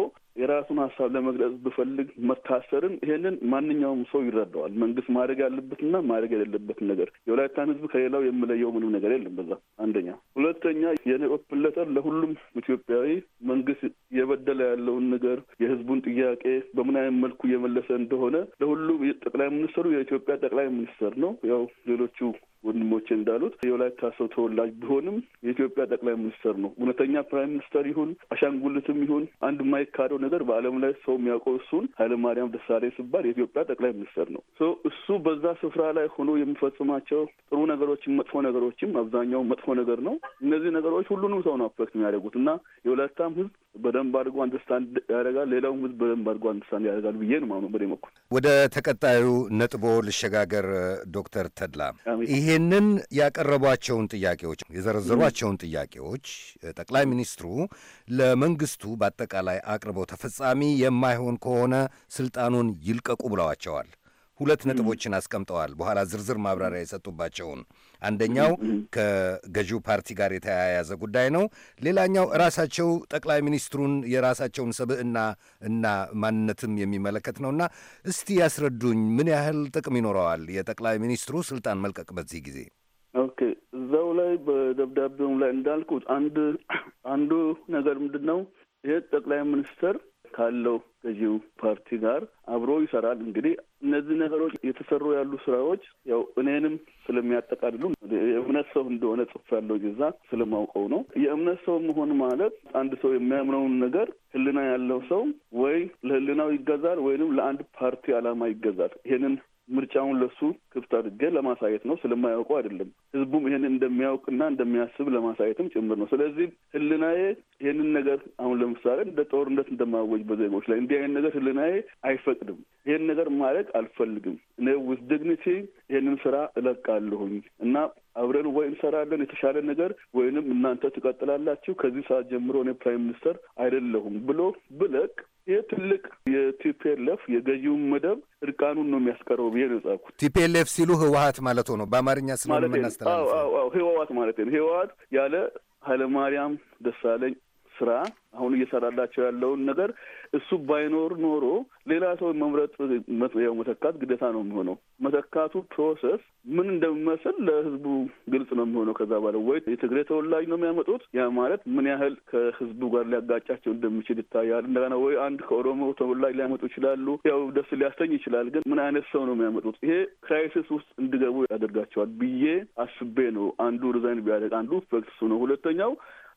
የራሱን ሀሳብ ለመግለጽ ብፈልግ መታሰርን፣ ይሄንን ማንኛውም ሰው ይረዳዋል። መንግስት ማድረግ ያለበትና ማድረግ የሌለበትን ነገር የወላይታን ህዝብ ከሌላው የምለየው ምንም ነገር የለም። በዛ አንደኛ። ሁለተኛ የኔኦፕን ሌተር ለሁሉም ኢትዮጵያዊ መንግስት እየበደለ ያለውን ነገር የህዝቡን ጥያቄ በምን አይነት መልኩ እየመለሰ እንደሆነ ለሁሉም ጠቅላይ ሚኒስትሩ የኢትዮጵያ ጠቅላይ ሚኒስትር ነው። ያው ሌሎቹ ወንድሞቼ እንዳሉት የወላይታ ሰው ተወላጅ ቢሆንም የኢትዮጵያ ጠቅላይ ሚኒስተር ነው። እውነተኛ ፕራይም ሚኒስተር ይሁን አሻንጉልትም ይሁን አንድ የማይካደው ነገር በዓለም ላይ ሰው የሚያውቀው እሱን ኃይለማርያም ደሳለኝ ሲባል የኢትዮጵያ ጠቅላይ ሚኒስተር ነው። እሱ በዛ ስፍራ ላይ ሆኖ የሚፈጽማቸው ጥሩ ነገሮችም መጥፎ ነገሮችም አብዛኛው መጥፎ ነገር ነው። እነዚህ ነገሮች ሁሉንም ሰው ነው አፌክት የሚያደርጉት እና የወላይታም ህዝብ በደንብ አድርጎ አንደርስታንድ ያደርጋል፣ ሌላውም ህዝብ በደንብ አድርጎ አንደርስታንድ ያደርጋል ብዬ ነው የማምነው። በደመኩ ወደ ተቀጣዩ ነጥቦ ልሸጋገር ዶክተር ተድላ ይሄ ይህንን ያቀረቧቸውን ጥያቄዎች የዘረዘሯቸውን ጥያቄዎች ጠቅላይ ሚኒስትሩ ለመንግስቱ በአጠቃላይ አቅርበው ተፈጻሚ የማይሆን ከሆነ ስልጣኑን ይልቀቁ ብለዋቸዋል። ሁለት ነጥቦችን አስቀምጠዋል። በኋላ ዝርዝር ማብራሪያ የሰጡባቸውን አንደኛው ከገዢው ፓርቲ ጋር የተያያዘ ጉዳይ ነው። ሌላኛው ራሳቸው ጠቅላይ ሚኒስትሩን የራሳቸውን ሰብዕና እና ማንነትም የሚመለከት ነውና እስቲ ያስረዱኝ። ምን ያህል ጥቅም ይኖረዋል የጠቅላይ ሚኒስትሩ ስልጣን መልቀቅ በዚህ ጊዜ? ኦኬ እዛው ላይ በደብዳቤውም ላይ እንዳልኩት አንድ አንዱ ነገር ምንድን ነው ይህ ጠቅላይ ሚኒስትር ካለው ገዢው ፓርቲ ጋር አብሮ ይሰራል። እንግዲህ እነዚህ ነገሮች የተሰሩ ያሉ ስራዎች ያው እኔንም ስለሚያጠቃልሉ የእምነት ሰው እንደሆነ ጽሑፍ ያለው ዛ ስለማውቀው ነው። የእምነት ሰው መሆን ማለት አንድ ሰው የሚያምነውን ነገር ህልና ያለው ሰው ወይ ለህልናው ይገዛል ወይንም ለአንድ ፓርቲ አላማ ይገዛል። ይሄንን ምርጫውን ለሱ ክፍት አድርጌ ለማሳየት ነው። ስለማያውቀው አይደለም ህዝቡም ይህን እንደሚያውቅና እንደሚያስብ ለማሳየትም ጭምር ነው። ስለዚህ ህልናዬ ይህንን ነገር አሁን ለምሳሌ እንደ ጦርነት እንደማወጅ በዜጎች ላይ እንዲህ አይነት ነገር ህልናዬ አይፈቅድም። ይህን ነገር ማድረግ አልፈልግም። እኔ ዲግኒቲ ይህንን ስራ እለቃለሁኝ እና አብረን ወይ እንሰራለን የተሻለ ነገር ወይንም እናንተ ትቀጥላላችሁ ከዚህ ሰዓት ጀምሮ እኔ ፕራይም ሚኒስተር አይደለሁም ብሎ ብለቅ ይህ ትልቅ የቲፒኤልኤፍ የገዢውን መደብ እርቃኑን ነው የሚያስቀረው ብዬ ነው የጻፍኩት። ቲፒኤልኤፍ ሲሉ ህወሀት ማለት ነው በአማርኛ ስለሆነ የምናስተላልፈው ህወሀት ማለት ነው። ህወሀት ያለ ኃይለማርያም ደሳለኝ ስራ አሁን እየሰራላቸው ያለውን ነገር እሱ ባይኖር ኖሮ ሌላ ሰው መምረጥ ያው መተካት ግዴታ ነው የሚሆነው። መተካቱ ፕሮሰስ ምን እንደሚመስል ለህዝቡ ግልጽ ነው የሚሆነው። ከዛ ባለ ወይ የትግሬ ተወላጅ ነው የሚያመጡት፣ ያ ማለት ምን ያህል ከህዝቡ ጋር ሊያጋጫቸው እንደሚችል ይታያል። እንደገና ወይ አንድ ከኦሮሞ ተወላጅ ሊያመጡ ይችላሉ። ያው ደስ ሊያሰኝ ይችላል፣ ግን ምን አይነት ሰው ነው የሚያመጡት? ይሄ ክራይሲስ ውስጥ እንዲገቡ ያደርጋቸዋል ብዬ አስቤ ነው። አንዱ ሪዛይን ቢያደርግ አንዱ ፈክሱ ነው። ሁለተኛው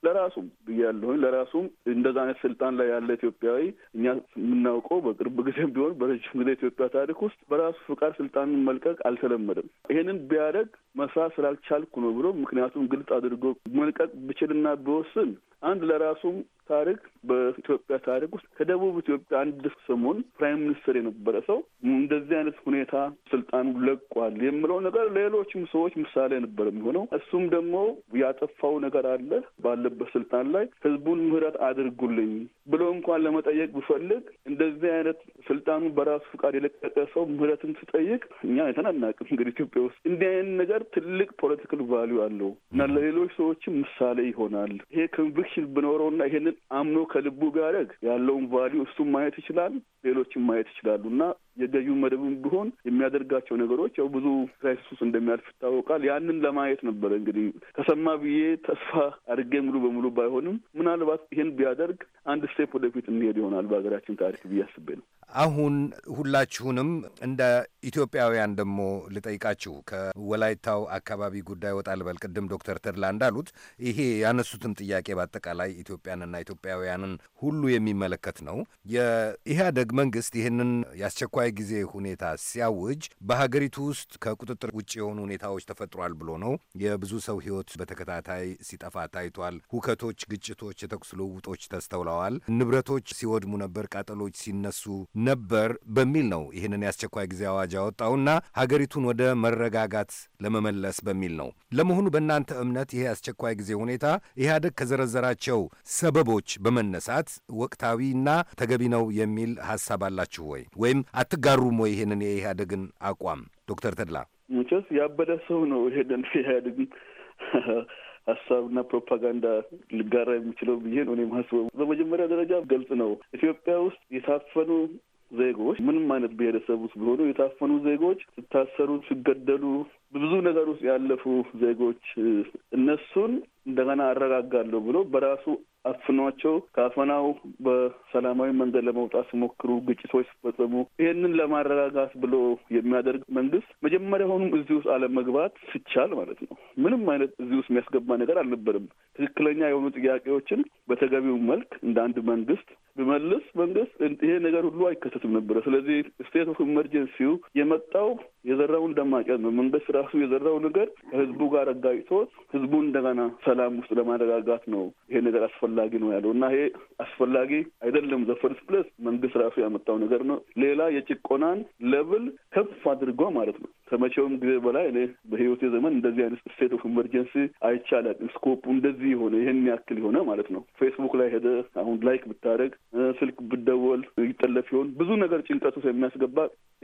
ለራሱም ብያለሁኝ ለራሱም እንደዛ አይነት ስልጣን ላይ ያለ ኢትዮጵያዊ እኛ የምናውቀው በቅርብ ጊዜም ቢሆን በረጅም ጊዜ ኢትዮጵያ ታሪክ ውስጥ በራሱ ፍቃድ ስልጣንን መልቀቅ አልተለመደም። ይሄንን ቢያደርግ መስራት ስላልቻልኩ ነው ብሎ ምክንያቱም ግልጽ አድርጎ መልቀቅ ብችልና ብወስን አንድ ለራሱም ታሪክ በኢትዮጵያ ታሪክ ውስጥ ከደቡብ ኢትዮጵያ አንድ ሰሞን ፕራይም ሚኒስትር የነበረ ሰው እንደዚህ አይነት ሁኔታ ስልጣኑ ለቋል የምለው ነገር ሌሎችም ሰዎች ምሳሌ ነበር የሚሆነው። እሱም ደግሞ ያጠፋው ነገር አለ ባለበት ስልጣን ላይ ህዝቡን ምህረት አድርጉልኝ ብሎ እንኳን ለመጠየቅ ብፈልግ እንደዚህ አይነት ስልጣኑ በራሱ ፍቃድ የለቀቀ ሰው ምህረትን ስጠይቅ እኛ አይተን እንግዲህ ኢትዮጵያ ውስጥ እንዲህ አይነት ነገር ትልቅ ፖለቲካል ቫሉ አለው እና ለሌሎች ሰዎችም ምሳሌ ይሆናል። ይሄ ኮንቪክሽን እና ይሄንን አምኖ ከልቡ ቢያደርግ ያለውን ቫሉ እሱም ማየት ይችላል፣ ሌሎችም ማየት ይችላሉ እና የገዢው መደብም ቢሆን የሚያደርጋቸው ነገሮች ያው ብዙ ክራይሲስ ውስጥ እንደሚያልፍ ይታወቃል። ያንን ለማየት ነበረ እንግዲህ ከሰማ ብዬ ተስፋ አድርጌ ሙሉ በሙሉ ባይሆንም ምናልባት ይህን ቢያደርግ አንድ ስቴፕ ወደፊት እንሄድ ይሆናል በሀገራችን ታሪክ ብዬ አስቤ ነው። አሁን ሁላችሁንም እንደ ኢትዮጵያውያን ደግሞ ልጠይቃችሁ ከወላይታው አካባቢ ጉዳይ ወጣ ልበል። ቅድም ዶክተር ተድላ እንዳሉት ይሄ ያነሱትም ጥያቄ በአጠቃላይ ኢትዮጵያንና ኢትዮጵያውያንን ሁሉ የሚመለከት ነው። የኢህአደግ መንግስት ይህንን የአስቸኳይ ጊዜ ሁኔታ ሲያውጅ በሀገሪቱ ውስጥ ከቁጥጥር ውጭ የሆኑ ሁኔታዎች ተፈጥሯል ብሎ ነው። የብዙ ሰው ህይወት በተከታታይ ሲጠፋ ታይቷል። ሁከቶች፣ ግጭቶች፣ የተኩስ ልውውጦች ተስተውለዋል። ንብረቶች ሲወድሙ ነበር። ቃጠሎች ሲነሱ ነበር በሚል ነው ይህንን የአስቸኳይ ጊዜ አዋጅ ያወጣውና ሀገሪቱን ወደ መረጋጋት ለመመለስ በሚል ነው። ለመሆኑ በእናንተ እምነት ይሄ አስቸኳይ ጊዜ ሁኔታ ኢህአደግ ከዘረዘራቸው ሰበቦች በመነሳት ወቅታዊና ተገቢ ነው የሚል ሀሳብ አላችሁ ወይ? ወይም አትጋሩም ወይ ይህንን የኢህአደግን አቋም? ዶክተር ተድላ መቼስ ያበደ ሰው ነው ይሄንን የኢህአደግን ሀሳብና ፕሮፓጋንዳ ልጋራ የሚችለው ብዬ ነው እኔ ማስበው። በመጀመሪያ ደረጃ ገልጽ ነው። ኢትዮጵያ ውስጥ የታፈኑ ዜጎች ምንም አይነት ብሔረሰብ ውስጥ ቢሆኑ የታፈኑ ዜጎች ሲታሰሩ፣ ሲገደሉ ብዙ ነገር ውስጥ ያለፉ ዜጎች እነሱን እንደገና አረጋጋለሁ ብሎ በራሱ አፍኗቸው ከአፈናው በሰላማዊ መንገድ ለመውጣት ሲሞክሩ፣ ግጭቶች ሲፈጸሙ ይህንን ለማረጋጋት ብሎ የሚያደርግ መንግስት መጀመሪያ ሆኑም እዚህ ውስጥ አለመግባት ሲቻል ማለት ነው። ምንም አይነት እዚህ ውስጥ የሚያስገባ ነገር አልነበርም። ትክክለኛ የሆኑ ጥያቄዎችን በተገቢው መልክ እንደ አንድ መንግስት ብመልስ መንግስት ይሄ ነገር ሁሉ አይከሰትም ነበረ። ስለዚህ ስቴት ኦፍ ኢመርጀንሲው የመጣው የዘራውን እንደማጨት ነው። መንግስት ራሱ የዘራው ነገር ከህዝቡ ጋር አጋጭቶት ህዝቡን እንደገና ሰላም ውስጥ ለማረጋጋት ነው ይሄ ነገር አስፈላጊ ነው ያለው እና ይሄ አስፈላጊ አይደለም ዘፈርስ ፕለስ መንግስት ራሱ ያመጣው ነገር ነው። ሌላ የጭቆናን ለብል ከፍ አድርጎ ማለት ነው። ከመቼውም ጊዜ በላይ እኔ በህይወቴ ዘመን እንደዚህ አይነት ስቴት ኦፍ ኢመርጀንሲ አይቻላል። ስኮፑ እንደዚህ የሆነ ይህን ያክል የሆነ ማለት ነው። ፌስቡክ ላይ ሄደ አሁን ላይክ ብታደረግ ስልክ ብደወል ይጠለፍ ይሆን ብዙ ነገር ጭንቀት ውስጥ የሚያስገባ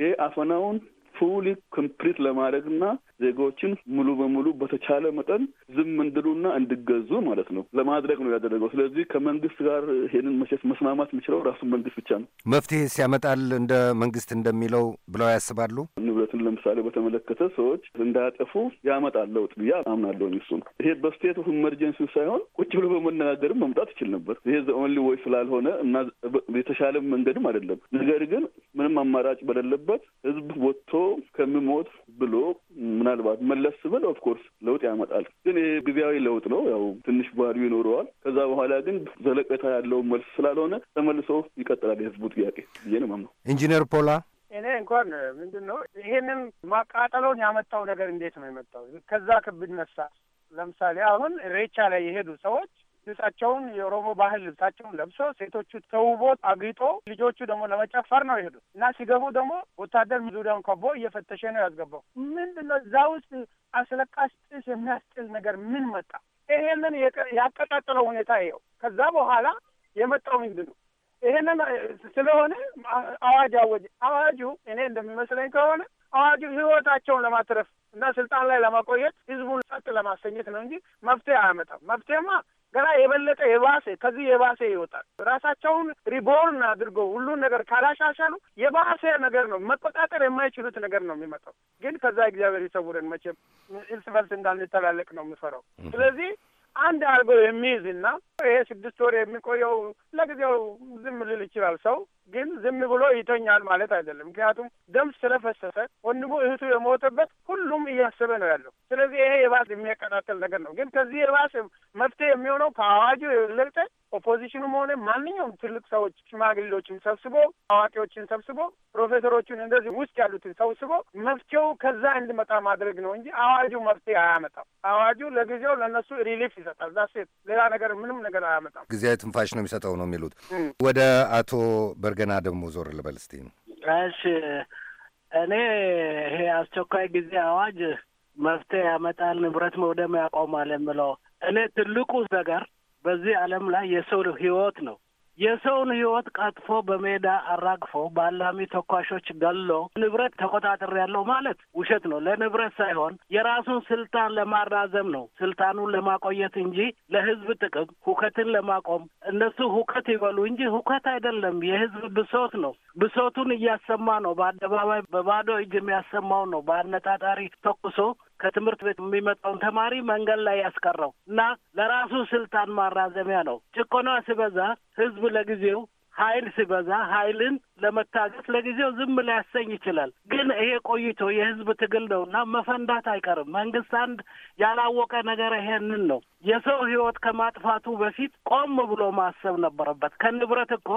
ይሄ አፈናውን ፉሊ ኮምፕሊት ለማድረግ እና ዜጋዎችን ሙሉ በሙሉ በተቻለ መጠን ዝም እንድሉና እንድገዙ ማለት ነው ለማድረግ ነው ያደረገው። ስለዚህ ከመንግስት ጋር ይሄንን መቼስ መስማማት የሚችለው ራሱ መንግስት ብቻ ነው። መፍትሄ ሲያመጣል እንደ መንግስት እንደሚለው ብለው ያስባሉ። ንብረትን ለምሳሌ በተመለከተ ሰዎች እንዳያጠፉ ያመጣል ለውጥ ብዬ አምናለሁ። እሱ ነው ይሄ በስቴት ኦፍ ኢመርጀንሲ ሳይሆን ቁጭ ብሎ በመነጋገርም መምጣት ይችል ነበር። ይሄ ኦንሊ ወይ ስላልሆነ እና የተሻለ መንገድም አይደለም። ነገር ግን ምንም አማራጭ በሌለበት ህዝብ ወጥቶ ከምሞት ብሎ ምናልባት መለስ ብል ኦፍኮርስ ለውጥ ያመጣል። ግን ይሄ ጊዜያዊ ለውጥ ነው። ያው ትንሽ ቫልዩ ይኖረዋል። ከዛ በኋላ ግን ዘለቀታ ያለው መልስ ስላልሆነ ተመልሶ ይቀጥላል የህዝቡ ጥያቄ ብዬ ነው የማምነው። ኢንጂነር ፖላ እኔ እንኳን ምንድን ነው ይህንን ማቃጠሎን ያመጣው ነገር እንዴት ነው የመጣው? ከዛ ክብድ ለምሳሌ አሁን ሬቻ ላይ የሄዱ ሰዎች ልብሳቸውን የኦሮሞ ባህል ልብሳቸውን ለብሶ ሴቶቹ ተውቦ አጊጦ ልጆቹ ደግሞ ለመጨፈር ነው የሄዱ እና ሲገቡ ደግሞ ወታደር ዙሪያውን ከቦ እየፈተሸ ነው ያስገባው። ምንድን ነው እዛ ውስጥ አስለቃሽ ጭስ የሚያስጭል ነገር ምን መጣ? ይሄንን ያቀጣጠለው ሁኔታ ይኸው። ከዛ በኋላ የመጣው ምንድን ነው? ይሄንን ስለሆነ አዋጅ አወጀ። አዋጁ እኔ እንደሚመስለኝ ከሆነ አዋጁ ህይወታቸውን ለማትረፍ እና ስልጣን ላይ ለማቆየት ህዝቡን ጸጥ ለማሰኘት ነው እንጂ መፍትሄ አያመጣም። መፍትሄማ ገና የበለጠ የባሰ ከዚህ የባሰ ይወጣል። ራሳቸውን ሪቦርን አድርገው ሁሉን ነገር ካላሻሻሉ የባሰ ነገር ነው፣ መቆጣጠር የማይችሉት ነገር ነው የሚመጣው። ግን ከዛ እግዚአብሔር ይሰውረን። መቼም እርስ በርስ እንዳንተላለቅ ነው የምፈራው። ስለዚህ አንድ አልጎ የሚይዝ እና ይሄ ስድስት ወር የሚቆየው ለጊዜው ዝም ልል ይችላል። ሰው ግን ዝም ብሎ ይተኛል ማለት አይደለም። ምክንያቱም ደም ስለፈሰሰ ወንድሙ እህቱ የሞተበት ሁሉም እያሰበ ነው ያለው። ስለዚህ ይሄ የባስ የሚያቀጣጥል ነገር ነው። ግን ከዚህ የባስ መፍትሄ የሚሆነው ከአዋጁ የበለጠ ኦፖዚሽኑም ሆነ ማንኛውም ትልቅ ሰዎች ሽማግሌዎችን ሰብስቦ አዋቂዎችን ሰብስቦ ፕሮፌሰሮቹን እንደዚህ ውስጥ ያሉትን ሰብስቦ መፍትሄው ከዛ እንድመጣ ማድረግ ነው እንጂ አዋጁ መፍትሄ አያመጣም። አዋጁ ለጊዜው ለእነሱ ሪሊፍ ይሰጣል። ዛሴት ሌላ ነገር ምንም ነገር አያመጣም። ጊዜያዊ ትንፋሽ ነው የሚሰጠው ነው የሚሉት። ወደ አቶ በርገና ደግሞ ዞር ልበል እስቲ። እሺ እኔ ይሄ አስቸኳይ ጊዜ አዋጅ መፍትሄ ያመጣል፣ ንብረት መውደም ያቆማል የምለው እኔ ትልቁ ነገር በዚህ ዓለም ላይ የሰው ህይወት ነው። የሰውን ህይወት ቀጥፎ በሜዳ አራግፎ ባላሚ ተኳሾች ገሎ ንብረት ተቆጣጠር ያለው ማለት ውሸት ነው። ለንብረት ሳይሆን የራሱን ስልጣን ለማራዘም ነው፣ ስልጣኑን ለማቆየት እንጂ ለህዝብ ጥቅም ሁከትን ለማቆም እነሱ ሁከት ይበሉ እንጂ ሁከት አይደለም። የህዝብ ብሶት ነው። ብሶቱን እያሰማ ነው። በአደባባይ በባዶ እጅ የሚያሰማው ነው። በአነጣጣሪ ተኩሶ ከትምህርት ቤት የሚመጣውን ተማሪ መንገድ ላይ ያስቀረው እና ለራሱ ስልጣን ማራዘሚያ ነው። ጭቆና ሲበዛ ህዝብ ለጊዜው ኃይል ሲበዛ ኃይልን ለመታገስ ለጊዜው ዝም ሊያሰኝ ይችላል። ግን ይሄ ቆይቶ የህዝብ ትግል ነው እና መፈንዳት አይቀርም። መንግስት አንድ ያላወቀ ነገር ይሄንን ነው። የሰው ህይወት ከማጥፋቱ በፊት ቆም ብሎ ማሰብ ነበረበት። ከንብረት እኮ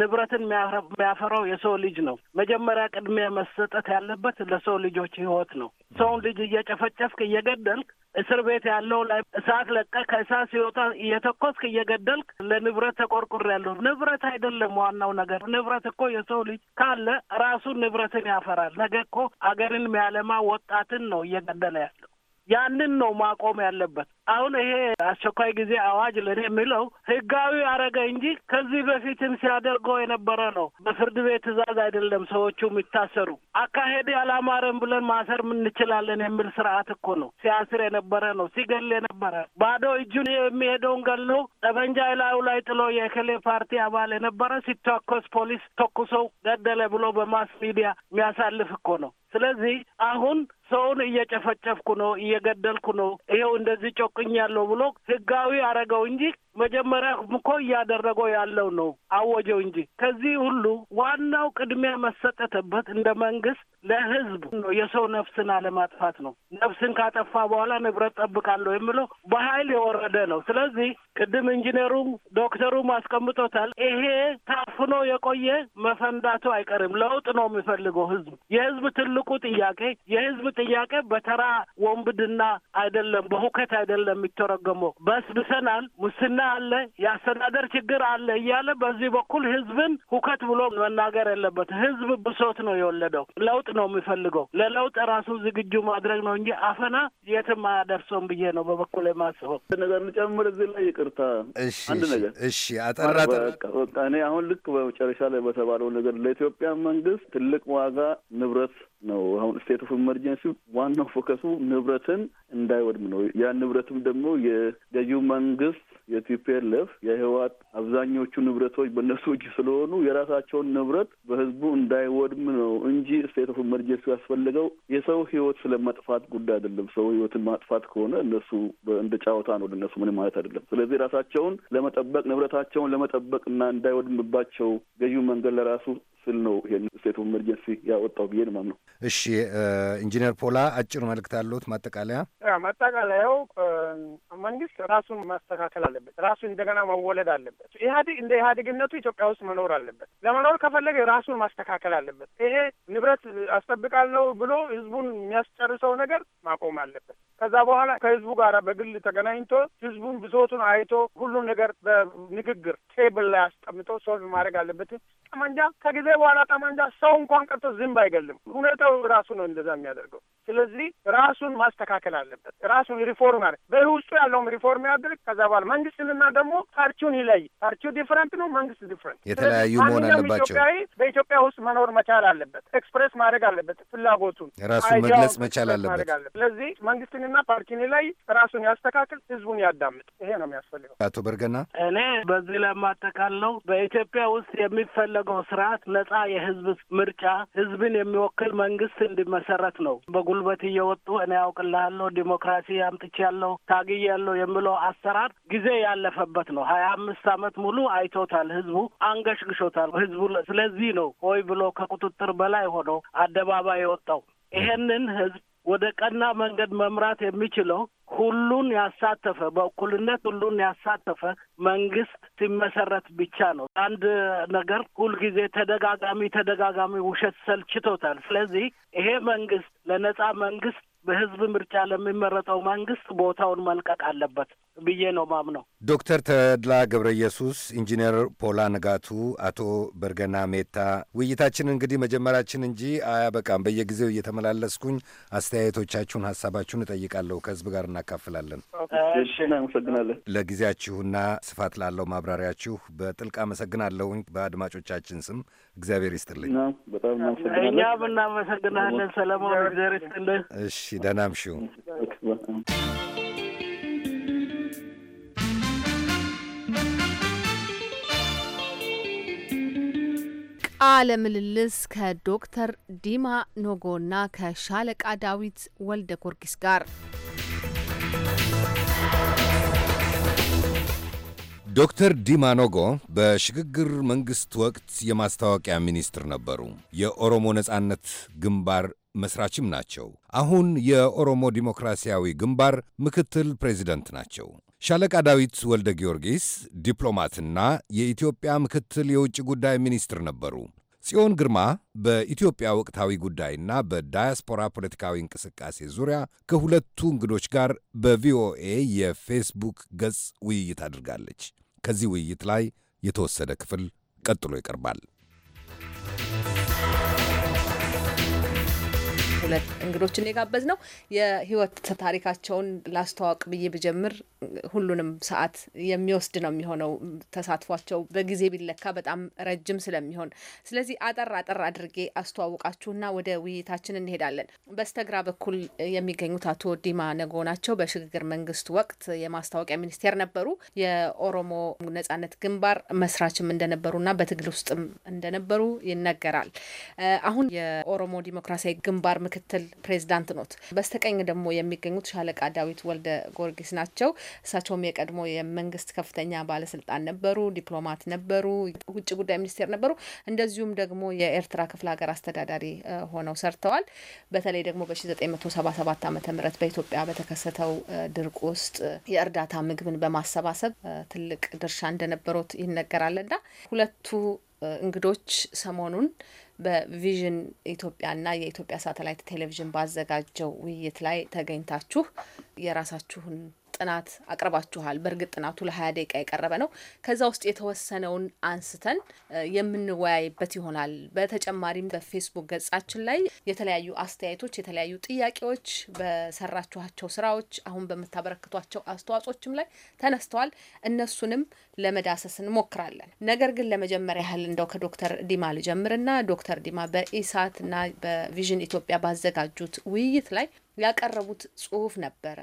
ንብረትን የሚያፈራው የሰው ልጅ ነው። መጀመሪያ ቅድሚያ መሰጠት ያለበት ለሰው ልጆች ህይወት ነው። ሰውን ልጅ እየጨፈጨፍክ እየገደልክ እስር ቤት ያለው ላይ እሳት ለቀ ከእሳት ሲወጣ እየተኮስክ እየገደልክ ለንብረት ተቆርቁር ያለው ንብረት አይደለም ዋናው ነገር። ንብረት እኮ የሰው ልጅ ካለ ራሱ ንብረትን ያፈራል። ነገ እኮ አገርን የሚያለማ ወጣትን ነው እየገደለ ያለው። ያንን ነው ማቆም ያለበት። አሁን ይሄ አስቸኳይ ጊዜ አዋጅ ለኔ የሚለው ህጋዊ አረገ እንጂ ከዚህ በፊትም ሲያደርገው የነበረ ነው። በፍርድ ቤት ትዕዛዝ አይደለም ሰዎቹ የሚታሰሩ። አካሄድ ያላማረን ብለን ማሰር እንችላለን የሚል ስርዓት እኮ ነው። ሲያስር የነበረ ነው፣ ሲገል የነበረ ባዶ እጁን የሚሄደውን ገሎ ጠመንጃ ላዩ ላይ ጥሎ የክሌ ፓርቲ አባል የነበረ ሲታኮስ ፖሊስ ተኩሰው ገደለ ብሎ በማስ ሚዲያ የሚያሳልፍ እኮ ነው። ስለዚህ አሁን ሰውን እየጨፈጨፍኩ ነው፣ እየገደልኩ ነው፣ ይኸው እንደዚህ ያለው ብሎ ህጋዊ አረገው እንጂ መጀመሪያ እኮ እያደረገው ያለው ነው አወጀው እንጂ። ከዚህ ሁሉ ዋናው ቅድሚያ መሰጠተበት እንደ መንግስት ለህዝብ ነው፣ የሰው ነፍስን አለማጥፋት ነው። ነፍስን ካጠፋ በኋላ ንብረት ጠብቃለሁ የምለው በኃይል የወረደ ነው። ስለዚህ ቅድም ኢንጂነሩም ዶክተሩም አስቀምጦታል። ይሄ ታፍኖ የቆየ መፈንዳቱ አይቀርም። ለውጥ ነው የሚፈልገው ህዝብ። የህዝብ ትልቁ ጥያቄ የህዝብ ጥያቄ በተራ ወንብድና አይደለም፣ በሁከት አይደለም የሚተረገመው። በስብሰናል ሙስና አለ፣ የአስተዳደር ችግር አለ እያለ በዚህ በኩል ህዝብን ሁከት ብሎ መናገር የለበት። ህዝብ ብሶት ነው የወለደው። ለውጥ ነው የሚፈልገው። ለለውጥ ራሱ ዝግጁ ማድረግ ነው እንጂ አፈና የትም አያደርሰውም ብዬ ነው በበኩል የማስበው። ነገር ንጨምር እዚህ ላይ ይቅርታ፣ አንድ ነገር እሺ፣ አጠራ እኔ አሁን ልክ በመጨረሻ ላይ በተባለው ነገር ለኢትዮጵያ መንግስት ትልቅ ዋጋ ንብረት ነው። አሁን ስቴት ኦፍ ኢመርጀንሲ ዋናው ፎከሱ ንብረትን እንዳይወድም ነው። ያ ንብረትም ደግሞ የገዢው መንግስት የቲፒኤልኤፍ የህወሓት አብዛኞቹ ንብረቶች በእነሱ እጅ ስለሆኑ የራሳቸውን ንብረት በህዝቡ እንዳይወድም ነው እንጂ ስቴት ኦፍ ኢመርጀንሲ ያስፈልገው የሰው ህይወት ስለማጥፋት ጉዳይ አይደለም። ሰው ህይወትን ማጥፋት ከሆነ እነሱ እንደ ጫወታ ነው ለነሱ ምንም ማለት አይደለም። ስለዚህ ራሳቸውን ለመጠበቅ ንብረታቸውን ለመጠበቅ እና እንዳይወድምባቸው ገዢው መንገድ ለራሱ ስል ነው ይሄን ስቴት ኦፍ ኢመርጀንሲ ያወጣው ብዬ ነው እሺ ኢንጂነር ፖላ አጭር መልእክት አለዎት? ማጠቃለያ ማጠቃለያው መንግስት ራሱን ማስተካከል አለበት። ራሱ እንደገና መወለድ አለበት። ኢህአዴግ እንደ ኢህአዴግነቱ ኢትዮጵያ ውስጥ መኖር አለበት። ለመኖር ከፈለገ ራሱን ማስተካከል አለበት። ይሄ ንብረት አስጠብቃል ነው ብሎ ህዝቡን የሚያስጨርሰው ነገር ማቆም አለበት። ከዛ በኋላ ከህዝቡ ጋር በግል ተገናኝቶ ህዝቡን ብሶቱን አይቶ ሁሉን ነገር በንግግር ቴብል ላይ አስቀምጦ ሶልቭ ማድረግ አለበት። ጠመንጃ ከጊዜ በኋላ ጠመንጃ ሰው እንኳን ቀርቶ ዝንብ አይገልም። ሁኔታው ራሱ ነው እንደዛ የሚያደርገው። ስለዚህ ራሱን ማስተካከል አለበት። ራሱን ሪፎርም አለ በውስጡ ያለውም ሪፎርም ያድርግ። ከዛ በኋላ መንግስትና ደግሞ ፓርቲውን ይለይ። ፓርቲው ዲፍረንት ነው፣ መንግስት ዲፍረንት። የተለያዩ መሆን አለባቸው። ኢትዮጵያዊ በኢትዮጵያ ውስጥ መኖር መቻል አለበት። ኤክስፕሬስ ማድረግ አለበት ፍላጎቱን፣ ራሱን መግለጽ መቻል አለበት። ስለዚህ መንግስትንና ፓርቲን ይለይ፣ ራሱን ያስተካክል፣ ህዝቡን ያዳምጥ። ይሄ ነው የሚያስፈልገው። አቶ በርገና እኔ በዚህ ለማጠቃለው በኢትዮጵያ ውስጥ የሚፈለገው ስርዓት ነጻ የህዝብ ምርጫ ህዝብን የሚወክል መንግስት እንዲመሰረት ነው። በጉልበት እየወጡ እኔ ያውቅልሃለሁ ዲሞክራሲ አምጥቼ ያለው ታግዬ ያለው የሚለው አሰራር ጊዜ ያለፈበት ነው። ሀያ አምስት አመት ሙሉ አይቶታል። ህዝቡ አንገሽግሾታል። ህዝቡ ስለዚህ ነው ሆይ ብሎ ከቁጥጥር በላይ ሆኖ አደባባይ የወጣው። ይሄንን ህዝብ ወደ ቀና መንገድ መምራት የሚችለው ሁሉን ያሳተፈ በእኩልነት ሁሉን ያሳተፈ መንግስት ሲመሰረት ብቻ ነው። አንድ ነገር ሁልጊዜ ተደጋጋሚ ተደጋጋሚ ውሸት ሰልችቶታል። ስለዚህ ይሄ መንግስት ለነጻ መንግስት በህዝብ ምርጫ ለሚመረጠው መንግስት ቦታውን መልቀቅ አለበት ብዬ ነው ማምነው። ዶክተር ተድላ ገብረ ኢየሱስ፣ ኢንጂነር ፖላ ንጋቱ፣ አቶ በርገና ሜታ፣ ውይይታችን እንግዲህ መጀመራችን እንጂ አያበቃም። በየጊዜው እየተመላለስኩኝ አስተያየቶቻችሁን፣ ሀሳባችሁን እጠይቃለሁ። ከህዝብ ጋር እናካፍላለን። አመሰግናለን ለጊዜያችሁና ስፋት ላለው ማብራሪያችሁ በጥልቅ አመሰግናለሁኝ። በአድማጮቻችን ስም እግዚአብሔር ይስጥልኝ። በጣም እናመሰግናለን። እኛም እናመሰግናለን ሰለሞን፣ እግዚአብሔር ይስጥልኝ። እሺ ደህና ምሹ። ቃለ ምልልስ ከዶክተር ዲማ ኖጎና ከሻለቃ ዳዊት ወልደ ጊዮርጊስ ጋር ዶክተር ዲማ ኖጎ በሽግግር መንግሥት ወቅት የማስታወቂያ ሚኒስትር ነበሩ። የኦሮሞ ነጻነት ግንባር መስራችም ናቸው። አሁን የኦሮሞ ዲሞክራሲያዊ ግንባር ምክትል ፕሬዚደንት ናቸው። ሻለቃ ዳዊት ወልደ ጊዮርጊስ ዲፕሎማትና የኢትዮጵያ ምክትል የውጭ ጉዳይ ሚኒስትር ነበሩ። ጽዮን ግርማ በኢትዮጵያ ወቅታዊ ጉዳይና በዳያስፖራ ፖለቲካዊ እንቅስቃሴ ዙሪያ ከሁለቱ እንግዶች ጋር በቪኦኤ የፌስቡክ ገጽ ውይይት አድርጋለች። ከዚህ ውይይት ላይ የተወሰደ ክፍል ቀጥሎ ይቀርባል። ሁለት እንግዶችን የጋበዝ ነው። የህይወት ታሪካቸውን ላስተዋወቅ ብዬ ብጀምር ሁሉንም ሰዓት የሚወስድ ነው የሚሆነው ተሳትፏቸው በጊዜ ቢለካ በጣም ረጅም ስለሚሆን፣ ስለዚህ አጠር አጠር አድርጌ አስተዋውቃችሁና ወደ ውይይታችን እንሄዳለን። በስተግራ በኩል የሚገኙት አቶ ዲማ ነጎ ናቸው። በሽግግር መንግስት ወቅት የማስታወቂያ ሚኒስቴር ነበሩ። የኦሮሞ ነጻነት ግንባር መስራችም እንደነበሩና በትግል ውስጥም እንደነበሩ ይነገራል። አሁን የኦሮሞ ዲሞክራሲያዊ ግንባር ምክ ምክትል ፕሬዚዳንት ኖት። በስተቀኝ ደግሞ የሚገኙት ሻለቃ ዳዊት ወልደ ጊዮርጊስ ናቸው። እሳቸውም የቀድሞ የመንግስት ከፍተኛ ባለስልጣን ነበሩ፣ ዲፕሎማት ነበሩ፣ ውጭ ጉዳይ ሚኒስቴር ነበሩ። እንደዚሁም ደግሞ የኤርትራ ክፍለ ሀገር አስተዳዳሪ ሆነው ሰርተዋል። በተለይ ደግሞ በ1977 ዓ ም በኢትዮጵያ በተከሰተው ድርቅ ውስጥ የእርዳታ ምግብን በማሰባሰብ ትልቅ ድርሻ እንደነበሩት ይነገራልና ሁለቱ እንግዶች ሰሞኑን በቪዥን ኢትዮጵያና የኢትዮጵያ ሳተላይት ቴሌቪዥን ባዘጋጀው ውይይት ላይ ተገኝታችሁ የራሳችሁን ጥናት አቅርባችኋል። በእርግጥ ጥናቱ ለሀያ ደቂቃ የቀረበ ነው። ከዛ ውስጥ የተወሰነውን አንስተን የምንወያይበት ይሆናል። በተጨማሪም በፌስቡክ ገጻችን ላይ የተለያዩ አስተያየቶች፣ የተለያዩ ጥያቄዎች በሰራችኋቸው ስራዎች፣ አሁን በምታበረክቷቸው አስተዋጽኦችም ላይ ተነስተዋል። እነሱንም ለመዳሰስ እንሞክራለን። ነገር ግን ለመጀመሪያ ያህል እንደው ከዶክተር ዲማ ልጀምርና ዶክተር ዲማ በኢሳት በቪዥን ኢትዮጵያ ባዘጋጁት ውይይት ላይ ያቀረቡት ጽሁፍ ነበረ።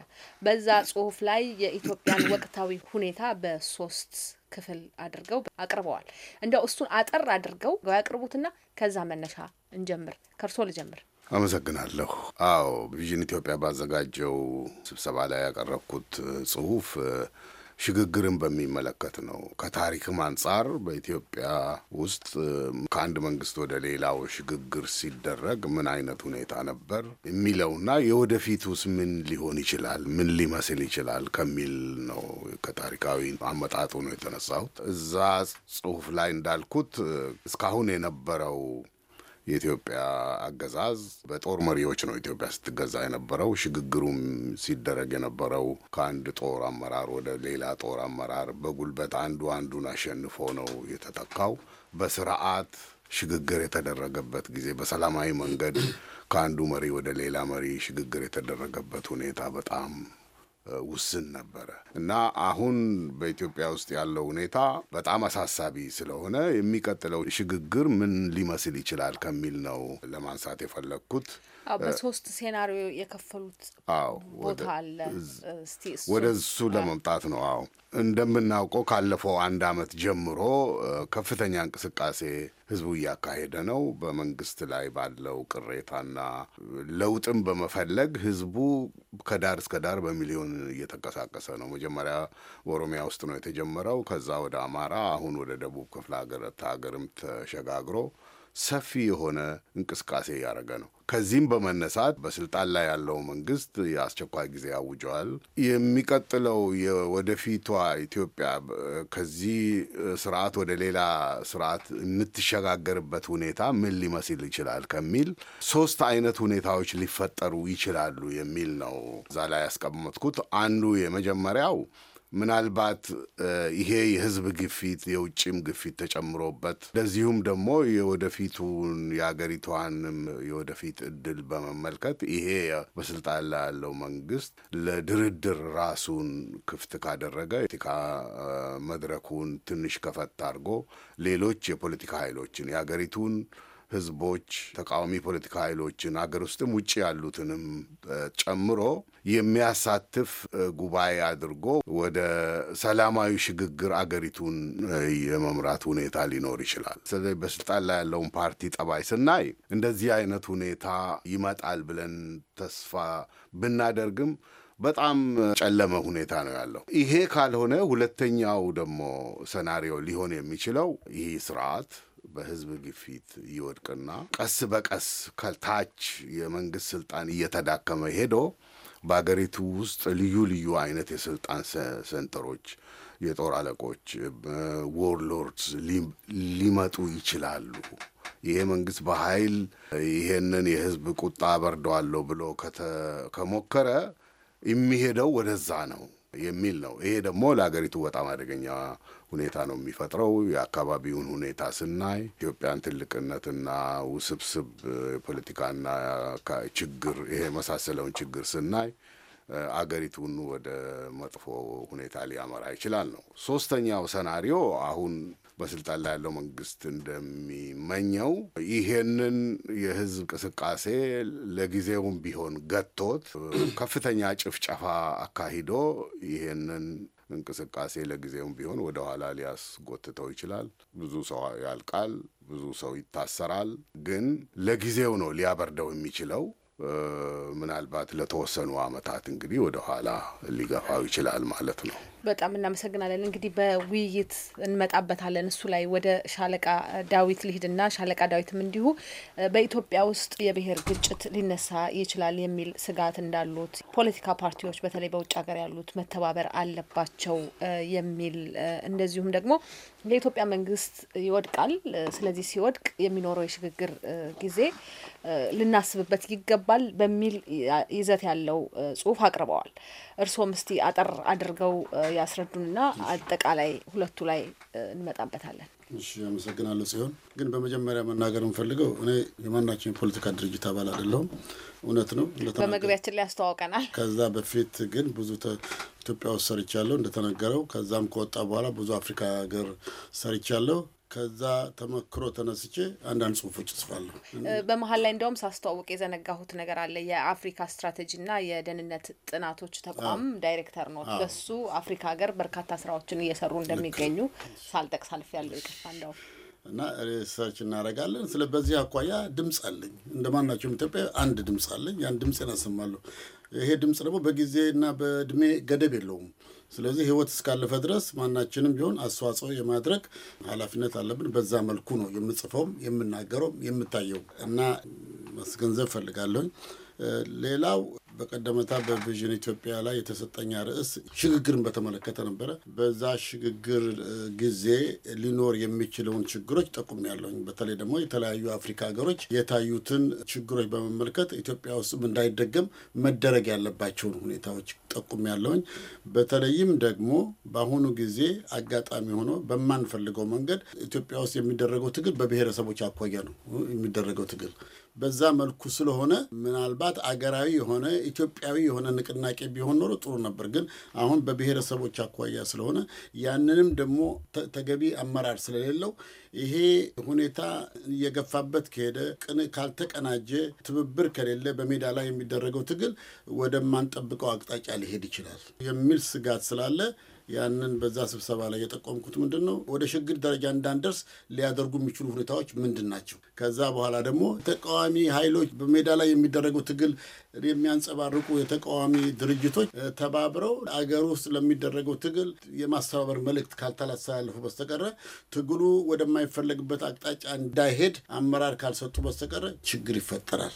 በዛ ጽሁፍ ላይ የኢትዮጵያን ወቅታዊ ሁኔታ በሶስት ክፍል አድርገው አቅርበዋል። እንደው እሱን አጠር አድርገው ያቅርቡትና ከዛ መነሻ እንጀምር። ከእርሶ ልጀምር። አመሰግናለሁ። አዎ ቪዥን ኢትዮጵያ ባዘጋጀው ስብሰባ ላይ ያቀረብኩት ጽሁፍ ሽግግርን በሚመለከት ነው። ከታሪክም አንጻር በኢትዮጵያ ውስጥ ከአንድ መንግስት ወደ ሌላው ሽግግር ሲደረግ ምን አይነት ሁኔታ ነበር የሚለውና የወደፊቱስ ምን ሊሆን ይችላል፣ ምን ሊመስል ይችላል ከሚል ነው። ከታሪካዊ አመጣጡ ነው የተነሳሁት። እዛ ጽሁፍ ላይ እንዳልኩት እስካሁን የነበረው የኢትዮጵያ አገዛዝ በጦር መሪዎች ነው ኢትዮጵያ ስትገዛ የነበረው። ሽግግሩም ሲደረግ የነበረው ከአንድ ጦር አመራር ወደ ሌላ ጦር አመራር በጉልበት አንዱ አንዱን አሸንፎ ነው የተተካው። በስርዓት ሽግግር የተደረገበት ጊዜ በሰላማዊ መንገድ ከአንዱ መሪ ወደ ሌላ መሪ ሽግግር የተደረገበት ሁኔታ በጣም ውስን ነበረ እና አሁን በኢትዮጵያ ውስጥ ያለው ሁኔታ በጣም አሳሳቢ ስለሆነ የሚቀጥለው ሽግግር ምን ሊመስል ይችላል ከሚል ነው ለማንሳት የፈለግኩት። በሶስት ሴናሪዮ የከፈሉት ቦታ አለ። ወደ እሱ ለመምጣት ነው። አዎ እንደምናውቀው ካለፈው አንድ አመት ጀምሮ ከፍተኛ እንቅስቃሴ ህዝቡ እያካሄደ ነው። በመንግስት ላይ ባለው ቅሬታና ለውጥም በመፈለግ ህዝቡ ከዳር እስከ ዳር በሚሊዮን እየተንቀሳቀሰ ነው። መጀመሪያ በኦሮሚያ ውስጥ ነው የተጀመረው። ከዛ ወደ አማራ፣ አሁን ወደ ደቡብ ክፍለ ሀገር ሀገርም ተሸጋግሮ ሰፊ የሆነ እንቅስቃሴ እያደረገ ነው። ከዚህም በመነሳት በስልጣን ላይ ያለው መንግስት የአስቸኳይ ጊዜ አውጀዋል። የሚቀጥለው የወደፊቷ ኢትዮጵያ ከዚህ ስርዓት ወደ ሌላ ስርዓት የምትሸጋገርበት ሁኔታ ምን ሊመስል ይችላል ከሚል ሶስት አይነት ሁኔታዎች ሊፈጠሩ ይችላሉ የሚል ነው እዛ ላይ ያስቀመጥኩት። አንዱ የመጀመሪያው ምናልባት ይሄ የህዝብ ግፊት የውጭም ግፊት ተጨምሮበት እንደዚሁም ደግሞ የወደፊቱን የአገሪቷንም የወደፊት እድል በመመልከት ይሄ በስልጣን ላይ ያለው መንግስት ለድርድር ራሱን ክፍት ካደረገ ፖለቲካ መድረኩን ትንሽ ከፈት አድርጎ ሌሎች የፖለቲካ ኃይሎችን የአገሪቱን ህዝቦች፣ ተቃዋሚ ፖለቲካ ኃይሎችን አገር ውስጥም ውጭ ያሉትንም ጨምሮ የሚያሳትፍ ጉባኤ አድርጎ ወደ ሰላማዊ ሽግግር አገሪቱን የመምራት ሁኔታ ሊኖር ይችላል። ስለዚህ በስልጣን ላይ ያለውን ፓርቲ ጠባይ ስናይ እንደዚህ አይነት ሁኔታ ይመጣል ብለን ተስፋ ብናደርግም በጣም ጨለመ ሁኔታ ነው ያለው። ይሄ ካልሆነ ሁለተኛው ደግሞ ሰናሪዮ ሊሆን የሚችለው ይህ ስርዓት በህዝብ ግፊት ይወድቅና ቀስ በቀስ ከታች የመንግስት ስልጣን እየተዳከመ ሄዶ በአገሪቱ ውስጥ ልዩ ልዩ አይነት የስልጣን ሴንተሮች፣ የጦር አለቆች፣ ዎርሎርድስ ሊመጡ ይችላሉ። ይሄ መንግስት በኃይል ይሄንን የህዝብ ቁጣ አበርደዋለሁ ብሎ ከሞከረ የሚሄደው ወደዛ ነው የሚል ነው። ይሄ ደግሞ ለአገሪቱ በጣም አደገኛ ሁኔታ ነው የሚፈጥረው። የአካባቢውን ሁኔታ ስናይ ኢትዮጵያን ትልቅነትና ውስብስብ የፖለቲካና ችግር ይሄ የመሳሰለውን ችግር ስናይ አገሪቱን ወደ መጥፎ ሁኔታ ሊያመራ ይችላል ነው። ሶስተኛው ሰናሪዮ አሁን በስልጣን ላይ ያለው መንግስት እንደሚመኘው ይሄንን የህዝብ እንቅስቃሴ ለጊዜውም ቢሆን ገጥቶት ከፍተኛ ጭፍጨፋ አካሂዶ ይሄንን እንቅስቃሴ ለጊዜውም ቢሆን ወደ ኋላ ሊያስጎትተው ይችላል። ብዙ ሰው ያልቃል፣ ብዙ ሰው ይታሰራል። ግን ለጊዜው ነው ሊያበርደው የሚችለው። ምናልባት ለተወሰኑ ዓመታት እንግዲህ ወደ ኋላ ሊገፋው ይችላል ማለት ነው። በጣም እናመሰግናለን። እንግዲህ በውይይት እንመጣበታለን። እሱ ላይ ወደ ሻለቃ ዳዊት ልሂድና ሻለቃ ዳዊትም እንዲሁ በኢትዮጵያ ውስጥ የብሔር ግጭት ሊነሳ ይችላል የሚል ስጋት እንዳሉት ፖለቲካ ፓርቲዎች በተለይ በውጭ ሀገር ያሉት መተባበር አለባቸው የሚል እንደዚሁም ደግሞ የኢትዮጵያ መንግስት ይወድቃል። ስለዚህ ሲወድቅ የሚኖረው የሽግግር ጊዜ ልናስብበት ይገባል በሚል ይዘት ያለው ጽሁፍ አቅርበዋል። እርስዎም እስቲ አጠር አድርገው ያስረዱንና አጠቃላይ ሁለቱ ላይ እንመጣበታለን። እሺ፣ አመሰግናለሁ። ሲሆን ግን በመጀመሪያ መናገር የምፈልገው እኔ የማናቸው የፖለቲካ ድርጅት አባል አይደለሁም። እውነት ነው፣ በመግቢያችን ላይ ያስተዋውቀናል። ከዛ በፊት ግን ብዙ ኢትዮጵያ ውስጥ ሰርቻለሁ እንደተነገረው። ከዛም ከወጣ በኋላ ብዙ አፍሪካ ሀገር ሰርቻለሁ። ከዛ ተመክሮ ተነስቼ አንዳንድ ጽሁፎች እጽፋለሁ። በመሀል ላይ እንደውም ሳስተዋውቅ የዘነጋሁት ነገር አለ። የአፍሪካ ስትራቴጂና የደህንነት ጥናቶች ተቋም ዳይሬክተር ነው። በሱ አፍሪካ ሀገር በርካታ ስራዎችን እየሰሩ እንደሚገኙ ሳልጠቅስ ያለው ይቅርታ እንዳው እና ሪሰርች እናደርጋለን። ስለ በዚህ አኳያ ድምፅ አለኝ። እንደ ማናቸውም ኢትዮጵያ አንድ ድምፅ አለኝ። ያን ድምፅን አሰማለሁ። ይሄ ድምፅ ደግሞ በጊዜና በእድሜ ገደብ የለውም። ስለዚህ ህይወት እስካለፈ ድረስ ማናችንም ቢሆን አስተዋጽኦ የማድረግ ኃላፊነት አለብን። በዛ መልኩ ነው የምጽፈውም የምናገረውም የምታየው እና ማስገንዘብ ፈልጋለሁኝ። ሌላው በቀደመታ በቪዥን ኢትዮጵያ ላይ የተሰጠኛ ርዕስ ሽግግርን በተመለከተ ነበረ። በዛ ሽግግር ጊዜ ሊኖር የሚችለውን ችግሮች ጠቁም ያለውኝ። በተለይ ደግሞ የተለያዩ አፍሪካ ሀገሮች የታዩትን ችግሮች በመመልከት ኢትዮጵያ ውስጥም እንዳይደገም መደረግ ያለባቸውን ሁኔታዎች ጠቁም ያለውኝ። በተለይም ደግሞ በአሁኑ ጊዜ አጋጣሚ ሆኖ በማንፈልገው መንገድ ኢትዮጵያ ውስጥ የሚደረገው ትግል በብሔረሰቦች አኳያ ነው የሚደረገው ትግል በዛ መልኩ ስለሆነ ምናልባት አገራዊ የሆነ ኢትዮጵያዊ የሆነ ንቅናቄ ቢሆን ኖሮ ጥሩ ነበር። ግን አሁን በብሔረሰቦች አኳያ ስለሆነ ያንንም ደግሞ ተገቢ አመራር ስለሌለው ይሄ ሁኔታ እየገፋበት ከሄደ ቅን ካልተቀናጀ፣ ትብብር ከሌለ በሜዳ ላይ የሚደረገው ትግል ወደማንጠብቀው አቅጣጫ ሊሄድ ይችላል የሚል ስጋት ስላለ ያንን በዛ ስብሰባ ላይ የጠቆምኩት ምንድን ነው ወደ ሽግግር ደረጃ እንዳንደርስ ሊያደርጉ የሚችሉ ሁኔታዎች ምንድን ናቸው? ከዛ በኋላ ደግሞ ተቃዋሚ ኃይሎች በሜዳ ላይ የሚደረገው ትግል የሚያንጸባርቁ የተቃዋሚ ድርጅቶች ተባብረው አገር ውስጥ ለሚደረገው ትግል የማስተባበር መልእክት ካልተላስተላለፉ በስተቀረ ትግሉ ወደማይፈለግበት አቅጣጫ እንዳይሄድ አመራር ካልሰጡ በስተቀረ ችግር ይፈጠራል።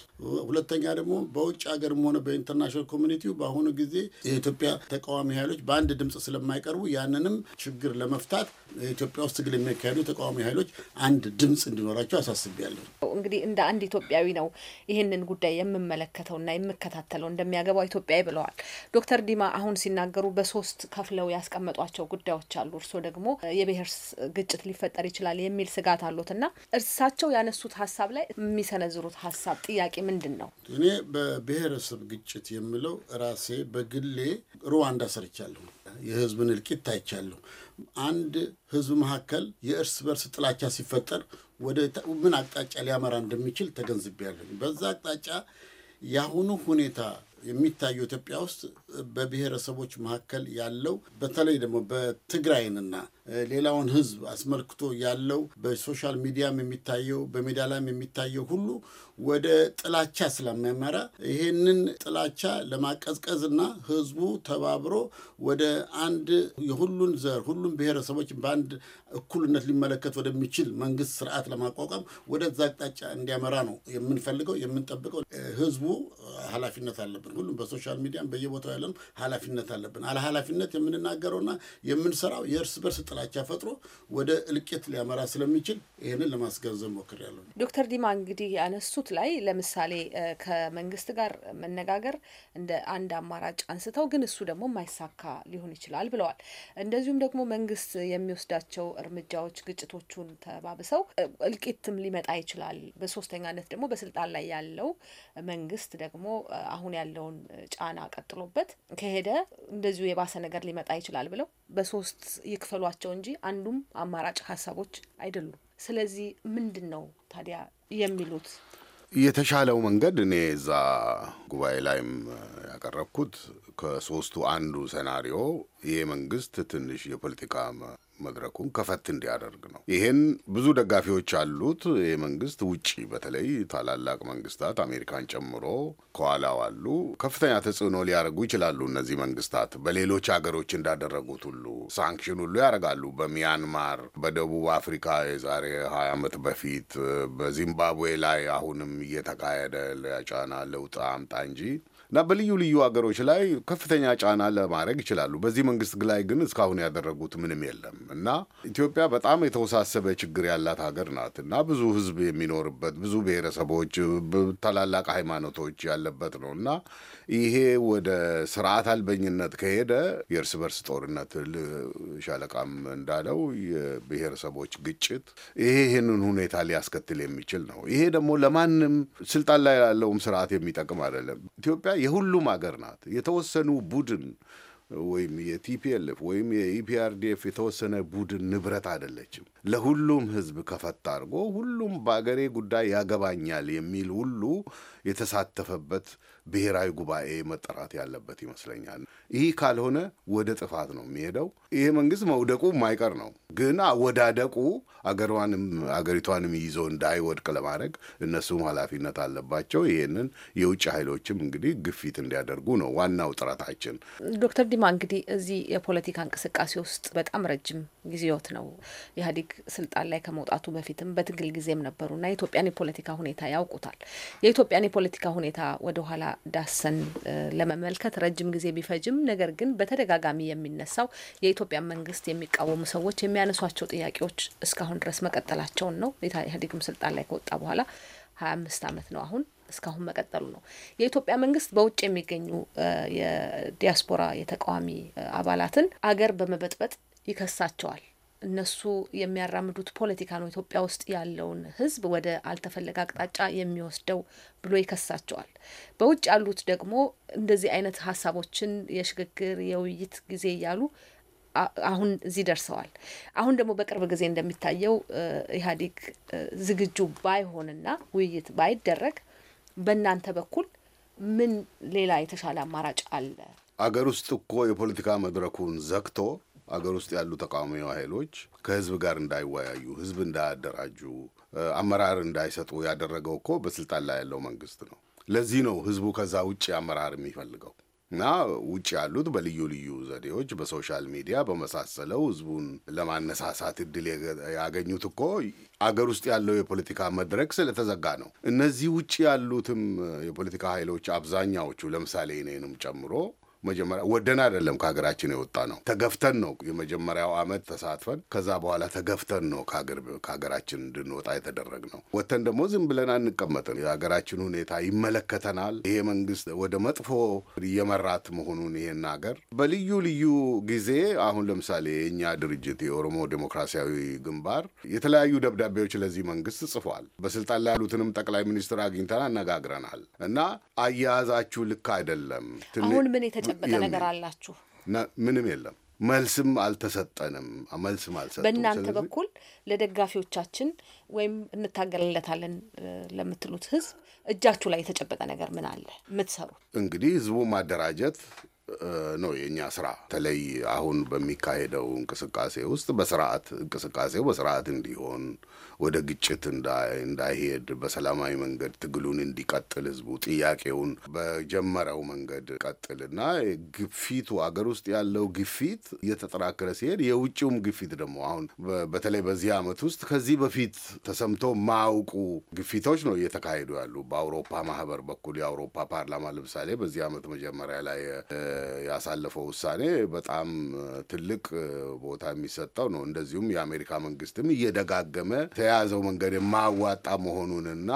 ሁለተኛ ደግሞ በውጭ ሀገርም ሆነ በኢንተርናሽናል ኮሚኒቲው በአሁኑ ጊዜ የኢትዮጵያ ተቃዋሚ ኃይሎች በአንድ ድምፅ ስለማይቀርቡ ያንንም ችግር ለመፍታት ኢትዮጵያ ውስጥ ትግል የሚያካሄዱ ተቃዋሚ ኃይሎች አንድ ድምፅ እንዲኖራቸው አሳስቤያለሁ። እንግዲህ እንደ አንድ ኢትዮጵያዊ ነው ይህንን ጉዳይ የምመለከተውና እንደምከታተለው እንደሚያገባው ኢትዮጵያዊ ብለዋል። ዶክተር ዲማ አሁን ሲናገሩ በሶስት ከፍለው ያስቀመጧቸው ጉዳዮች አሉ። እርስዎ ደግሞ የብሔር ግጭት ሊፈጠር ይችላል የሚል ስጋት አሉት እና እርሳቸው ያነሱት ሀሳብ ላይ የሚሰነዝሩት ሀሳብ ጥያቄ ምንድን ነው? እኔ በብሔረሰብ ግጭት የምለው ራሴ በግሌ ሩዋንዳ ሰርቻለሁ። የህዝብን እልቂት ታይቻለሁ። አንድ ህዝብ መካከል የእርስ በርስ ጥላቻ ሲፈጠር ወደ ምን አቅጣጫ ሊያመራ እንደሚችል ተገንዝቤያለሁ። በዛ አቅጣጫ የአሁኑ ሁኔታ የሚታየው ኢትዮጵያ ውስጥ በብሔረሰቦች መካከል ያለው በተለይ ደግሞ በትግራይንና ሌላውን ሕዝብ አስመልክቶ ያለው በሶሻል ሚዲያም የሚታየው በሜዳ ላይም የሚታየው ሁሉ ወደ ጥላቻ ስለሚያመራ ይሄንን ጥላቻ ለማቀዝቀዝ እና ህዝቡ ተባብሮ ወደ አንድ የሁሉን ዘር ሁሉም ብሔረሰቦች በአንድ እኩልነት ሊመለከት ወደሚችል መንግስት ስርዓት ለማቋቋም ወደዛ አቅጣጫ እንዲያመራ ነው የምንፈልገው የምንጠብቀው። ህዝቡ ኃላፊነት አለብን። ሁሉም በሶሻል ሚዲያም በየቦታው ያለነው ኃላፊነት አለብን። አለ ኃላፊነት የምንናገረውና የምንሰራው የእርስ በርስ ጥላቻ ፈጥሮ ወደ እልቂት ሊያመራ ስለሚችል ይህንን ለማስገንዘብ ያለ ዶክተር ዲማ እንግዲህ ያነሱት ላይ ለምሳሌ ከመንግስት ጋር መነጋገር እንደ አንድ አማራጭ አንስተው ግን እሱ ደግሞ የማይሳካ ሊሆን ይችላል ብለዋል። እንደዚሁም ደግሞ መንግስት የሚወስዳቸው እርምጃዎች ግጭቶቹን ተባብሰው እልቂትም ሊመጣ ይችላል። በሶስተኛነት ደግሞ በስልጣን ላይ ያለው መንግስት ደግሞ አሁን ያለውን ጫና ቀጥሎበት ከሄደ እንደዚሁ የባሰ ነገር ሊመጣ ይችላል ብለው በሶስት ይክፈሏቸው እንጂ አንዱም አማራጭ ሀሳቦች አይደሉም። ስለዚህ ምንድን ነው ታዲያ የሚሉት? የተሻለው መንገድ እኔ እዛ ጉባኤ ላይም ያቀረብኩት ከሶስቱ አንዱ ሴናሪዮ ይሄ መንግስት ትንሽ የፖለቲካ መድረኩን ከፈት እንዲያደርግ ነው። ይሄን ብዙ ደጋፊዎች አሉት። ይህ መንግስት ውጪ በተለይ ታላላቅ መንግስታት አሜሪካን ጨምሮ ከኋላው አሉ። ከፍተኛ ተጽዕኖ ሊያደርጉ ይችላሉ። እነዚህ መንግስታት በሌሎች ሀገሮች እንዳደረጉት ሁሉ ሳንክሽን ሁሉ ያደርጋሉ። በሚያንማር፣ በደቡብ አፍሪካ የዛሬ ሀያ ዓመት በፊት በዚምባብዌ ላይ አሁንም እየተካሄደ ለጫና ለውጥ አምጣ እንጂ እና በልዩ ልዩ ሀገሮች ላይ ከፍተኛ ጫና ለማድረግ ይችላሉ። በዚህ መንግስት ላይ ግን እስካሁን ያደረጉት ምንም የለም እና ኢትዮጵያ በጣም የተወሳሰበ ችግር ያላት ሀገር ናት እና ብዙ ህዝብ የሚኖርበት ብዙ ብሔረሰቦች፣ ታላላቅ ሃይማኖቶች ያለበት ነው እና ይሄ ወደ ስርዓት አልበኝነት ከሄደ የእርስ በርስ ጦርነት፣ ሻለቃም እንዳለው የብሔረሰቦች ግጭት፣ ይሄ ይህንን ሁኔታ ሊያስከትል የሚችል ነው። ይሄ ደግሞ ለማንም ስልጣን ላይ ላለውም ስርዓት የሚጠቅም አይደለም። ኢትዮጵያ የሁሉም አገር ናት። የተወሰኑ ቡድን ወይም የቲፒኤልኤፍ ወይም የኢፒአርዲኤፍ የተወሰነ ቡድን ንብረት አይደለችም። ለሁሉም ህዝብ ከፈታ አድርጎ ሁሉም በአገሬ ጉዳይ ያገባኛል የሚል ሁሉ የተሳተፈበት ብሔራዊ ጉባኤ መጠራት ያለበት ይመስለኛል። ይህ ካልሆነ ወደ ጥፋት ነው የሚሄደው። ይሄ መንግስት መውደቁ የማይቀር ነው፣ ግን አወዳደቁ አገሯንም አገሪቷንም ይዞ እንዳይወድቅ ለማድረግ እነሱም ኃላፊነት አለባቸው። ይህንን የውጭ ኃይሎችም እንግዲህ ግፊት እንዲያደርጉ ነው ዋናው ጥረታችን ዶክተር ሊማ እንግዲህ እዚህ የፖለቲካ እንቅስቃሴ ውስጥ በጣም ረጅም ጊዜዎት ነው። ኢህአዴግ ስልጣን ላይ ከመውጣቱ በፊትም በትግል ጊዜም እና የኢትዮጵያን የፖለቲካ ሁኔታ ያውቁታል። የኢትዮጵያን የፖለቲካ ሁኔታ ወደኋላ ዳሰን ለመመልከት ረጅም ጊዜ ቢፈጅም፣ ነገር ግን በተደጋጋሚ የሚነሳው የኢትዮጵያ መንግስት የሚቃወሙ ሰዎች የሚያነሷቸው ጥያቄዎች እስካሁን ድረስ መቀጠላቸውን ነው። ኢህአዴግም ስልጣን ላይ ከወጣ በኋላ ሀያ አምስት አመት ነው አሁን እስካሁን መቀጠሉ ነው። የኢትዮጵያ መንግስት በውጭ የሚገኙ የዲያስፖራ የተቃዋሚ አባላትን አገር በመበጥበጥ ይከሳቸዋል። እነሱ የሚያራምዱት ፖለቲካ ነው ኢትዮጵያ ውስጥ ያለውን ህዝብ ወደ አልተፈለገ አቅጣጫ የሚወስደው ብሎ ይከሳቸዋል። በውጭ ያሉት ደግሞ እንደዚህ አይነት ሀሳቦችን የሽግግር የውይይት ጊዜ እያሉ አሁን እዚህ ደርሰዋል። አሁን ደግሞ በቅርብ ጊዜ እንደሚታየው ኢህአዴግ ዝግጁ ባይሆንና ውይይት ባይደረግ በእናንተ በኩል ምን ሌላ የተሻለ አማራጭ አለ? አገር ውስጥ እኮ የፖለቲካ መድረኩን ዘግቶ አገር ውስጥ ያሉ ተቃዋሚ ኃይሎች ከህዝብ ጋር እንዳይወያዩ፣ ህዝብ እንዳያደራጁ፣ አመራር እንዳይሰጡ ያደረገው እኮ በስልጣን ላይ ያለው መንግስት ነው። ለዚህ ነው ህዝቡ ከዛ ውጭ አመራር የሚፈልገው። እና ውጭ ያሉት በልዩ ልዩ ዘዴዎች በሶሻል ሚዲያ በመሳሰለው ህዝቡን ለማነሳሳት እድል ያገኙት እኮ አገር ውስጥ ያለው የፖለቲካ መድረክ ስለተዘጋ ነው። እነዚህ ውጭ ያሉትም የፖለቲካ ኃይሎች አብዛኛዎቹ ለምሳሌ እኔንም ጨምሮ መጀመሪያ ወደን አይደለም ከሀገራችን የወጣ ነው። ተገፍተን ነው የመጀመሪያው አመት ተሳትፈን፣ ከዛ በኋላ ተገፍተን ነው ከሀገራችን እንድንወጣ የተደረግ ነው። ወጥተን ደግሞ ዝም ብለን አንቀመጥም። የሀገራችን ሁኔታ ይመለከተናል። ይሄ መንግስት ወደ መጥፎ እየመራት መሆኑን ይሄን ሀገር በልዩ ልዩ ጊዜ አሁን ለምሳሌ የእኛ ድርጅት የኦሮሞ ዴሞክራሲያዊ ግንባር የተለያዩ ደብዳቤዎች ለዚህ መንግስት ጽፏል። በስልጣን ላይ ያሉትንም ጠቅላይ ሚኒስትር አግኝተን አነጋግረናል እና አያያዛችሁ ልክ አይደለም። አሁን ምን የተጨበጠ ነገር አላችሁ? ምንም የለም። መልስም አልተሰጠንም። መልስም አልሰጠ በእናንተ በኩል ለደጋፊዎቻችን ወይም እንታገልለታለን ለምትሉት ህዝብ እጃችሁ ላይ የተጨበጠ ነገር ምን አለ የምትሰሩ? እንግዲህ ህዝቡ ማደራጀት ነው የእኛ ስራ። በተለይ አሁን በሚካሄደው እንቅስቃሴ ውስጥ በስርዓት እንቅስቃሴው በስርዓት እንዲሆን ወደ ግጭት እንዳይሄድ በሰላማዊ መንገድ ትግሉን እንዲቀጥል ህዝቡ ጥያቄውን በጀመረው መንገድ ቀጥል እና ግፊቱ አገር ውስጥ ያለው ግፊት እየተጠናከረ ሲሄድ የውጭውም ግፊት ደግሞ አሁን በተለይ በዚህ ዓመት ውስጥ ከዚህ በፊት ተሰምቶ ማያውቁ ግፊቶች ነው እየተካሄዱ ያሉ። በአውሮፓ ማህበር በኩል የአውሮፓ ፓርላማ ለምሳሌ በዚህ ዓመት መጀመሪያ ላይ ያሳለፈው ውሳኔ በጣም ትልቅ ቦታ የሚሰጠው ነው። እንደዚሁም የአሜሪካ መንግስትም እየደጋገመ የያዘው መንገድ የማያዋጣ መሆኑንና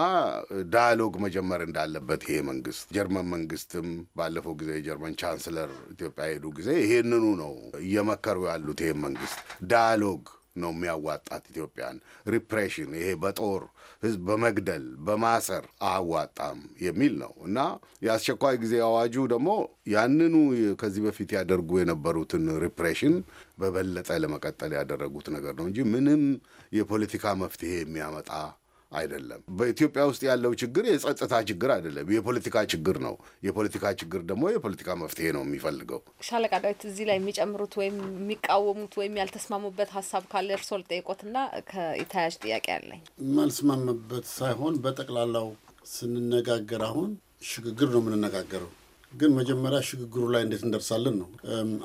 ዳያሎግ መጀመር እንዳለበት ይሄ መንግስት ጀርመን መንግስትም ባለፈው ጊዜ የጀርመን ቻንስለር ኢትዮጵያ ሄዱ ጊዜ ይሄንኑ ነው እየመከሩ ያሉት። ይሄ መንግስት ዳያሎግ ነው የሚያዋጣት ኢትዮጵያን። ሪፕሬሽን ይሄ በጦር ህዝብ በመግደል በማሰር አያዋጣም የሚል ነው እና የአስቸኳይ ጊዜ አዋጁ ደግሞ ያንኑ ከዚህ በፊት ያደርጉ የነበሩትን ሪፕሬሽን በበለጠ ለመቀጠል ያደረጉት ነገር ነው እንጂ ምንም የፖለቲካ መፍትሄ የሚያመጣ አይደለም። በኢትዮጵያ ውስጥ ያለው ችግር የጸጥታ ችግር አይደለም፣ የፖለቲካ ችግር ነው። የፖለቲካ ችግር ደግሞ የፖለቲካ መፍትሄ ነው የሚፈልገው። ሻለቃ ዳዊት፣ እዚህ ላይ የሚጨምሩት ወይም የሚቃወሙት ወይም ያልተስማሙበት ሀሳብ ካለ እርስዎ ልጠይቆትና ከኢታያጅ ጥያቄ አለኝ። የማልስማምበት ሳይሆን በጠቅላላው ስንነጋገር አሁን ሽግግር ነው የምንነጋገረው ግን መጀመሪያ ሽግግሩ ላይ እንዴት እንደርሳለን ነው።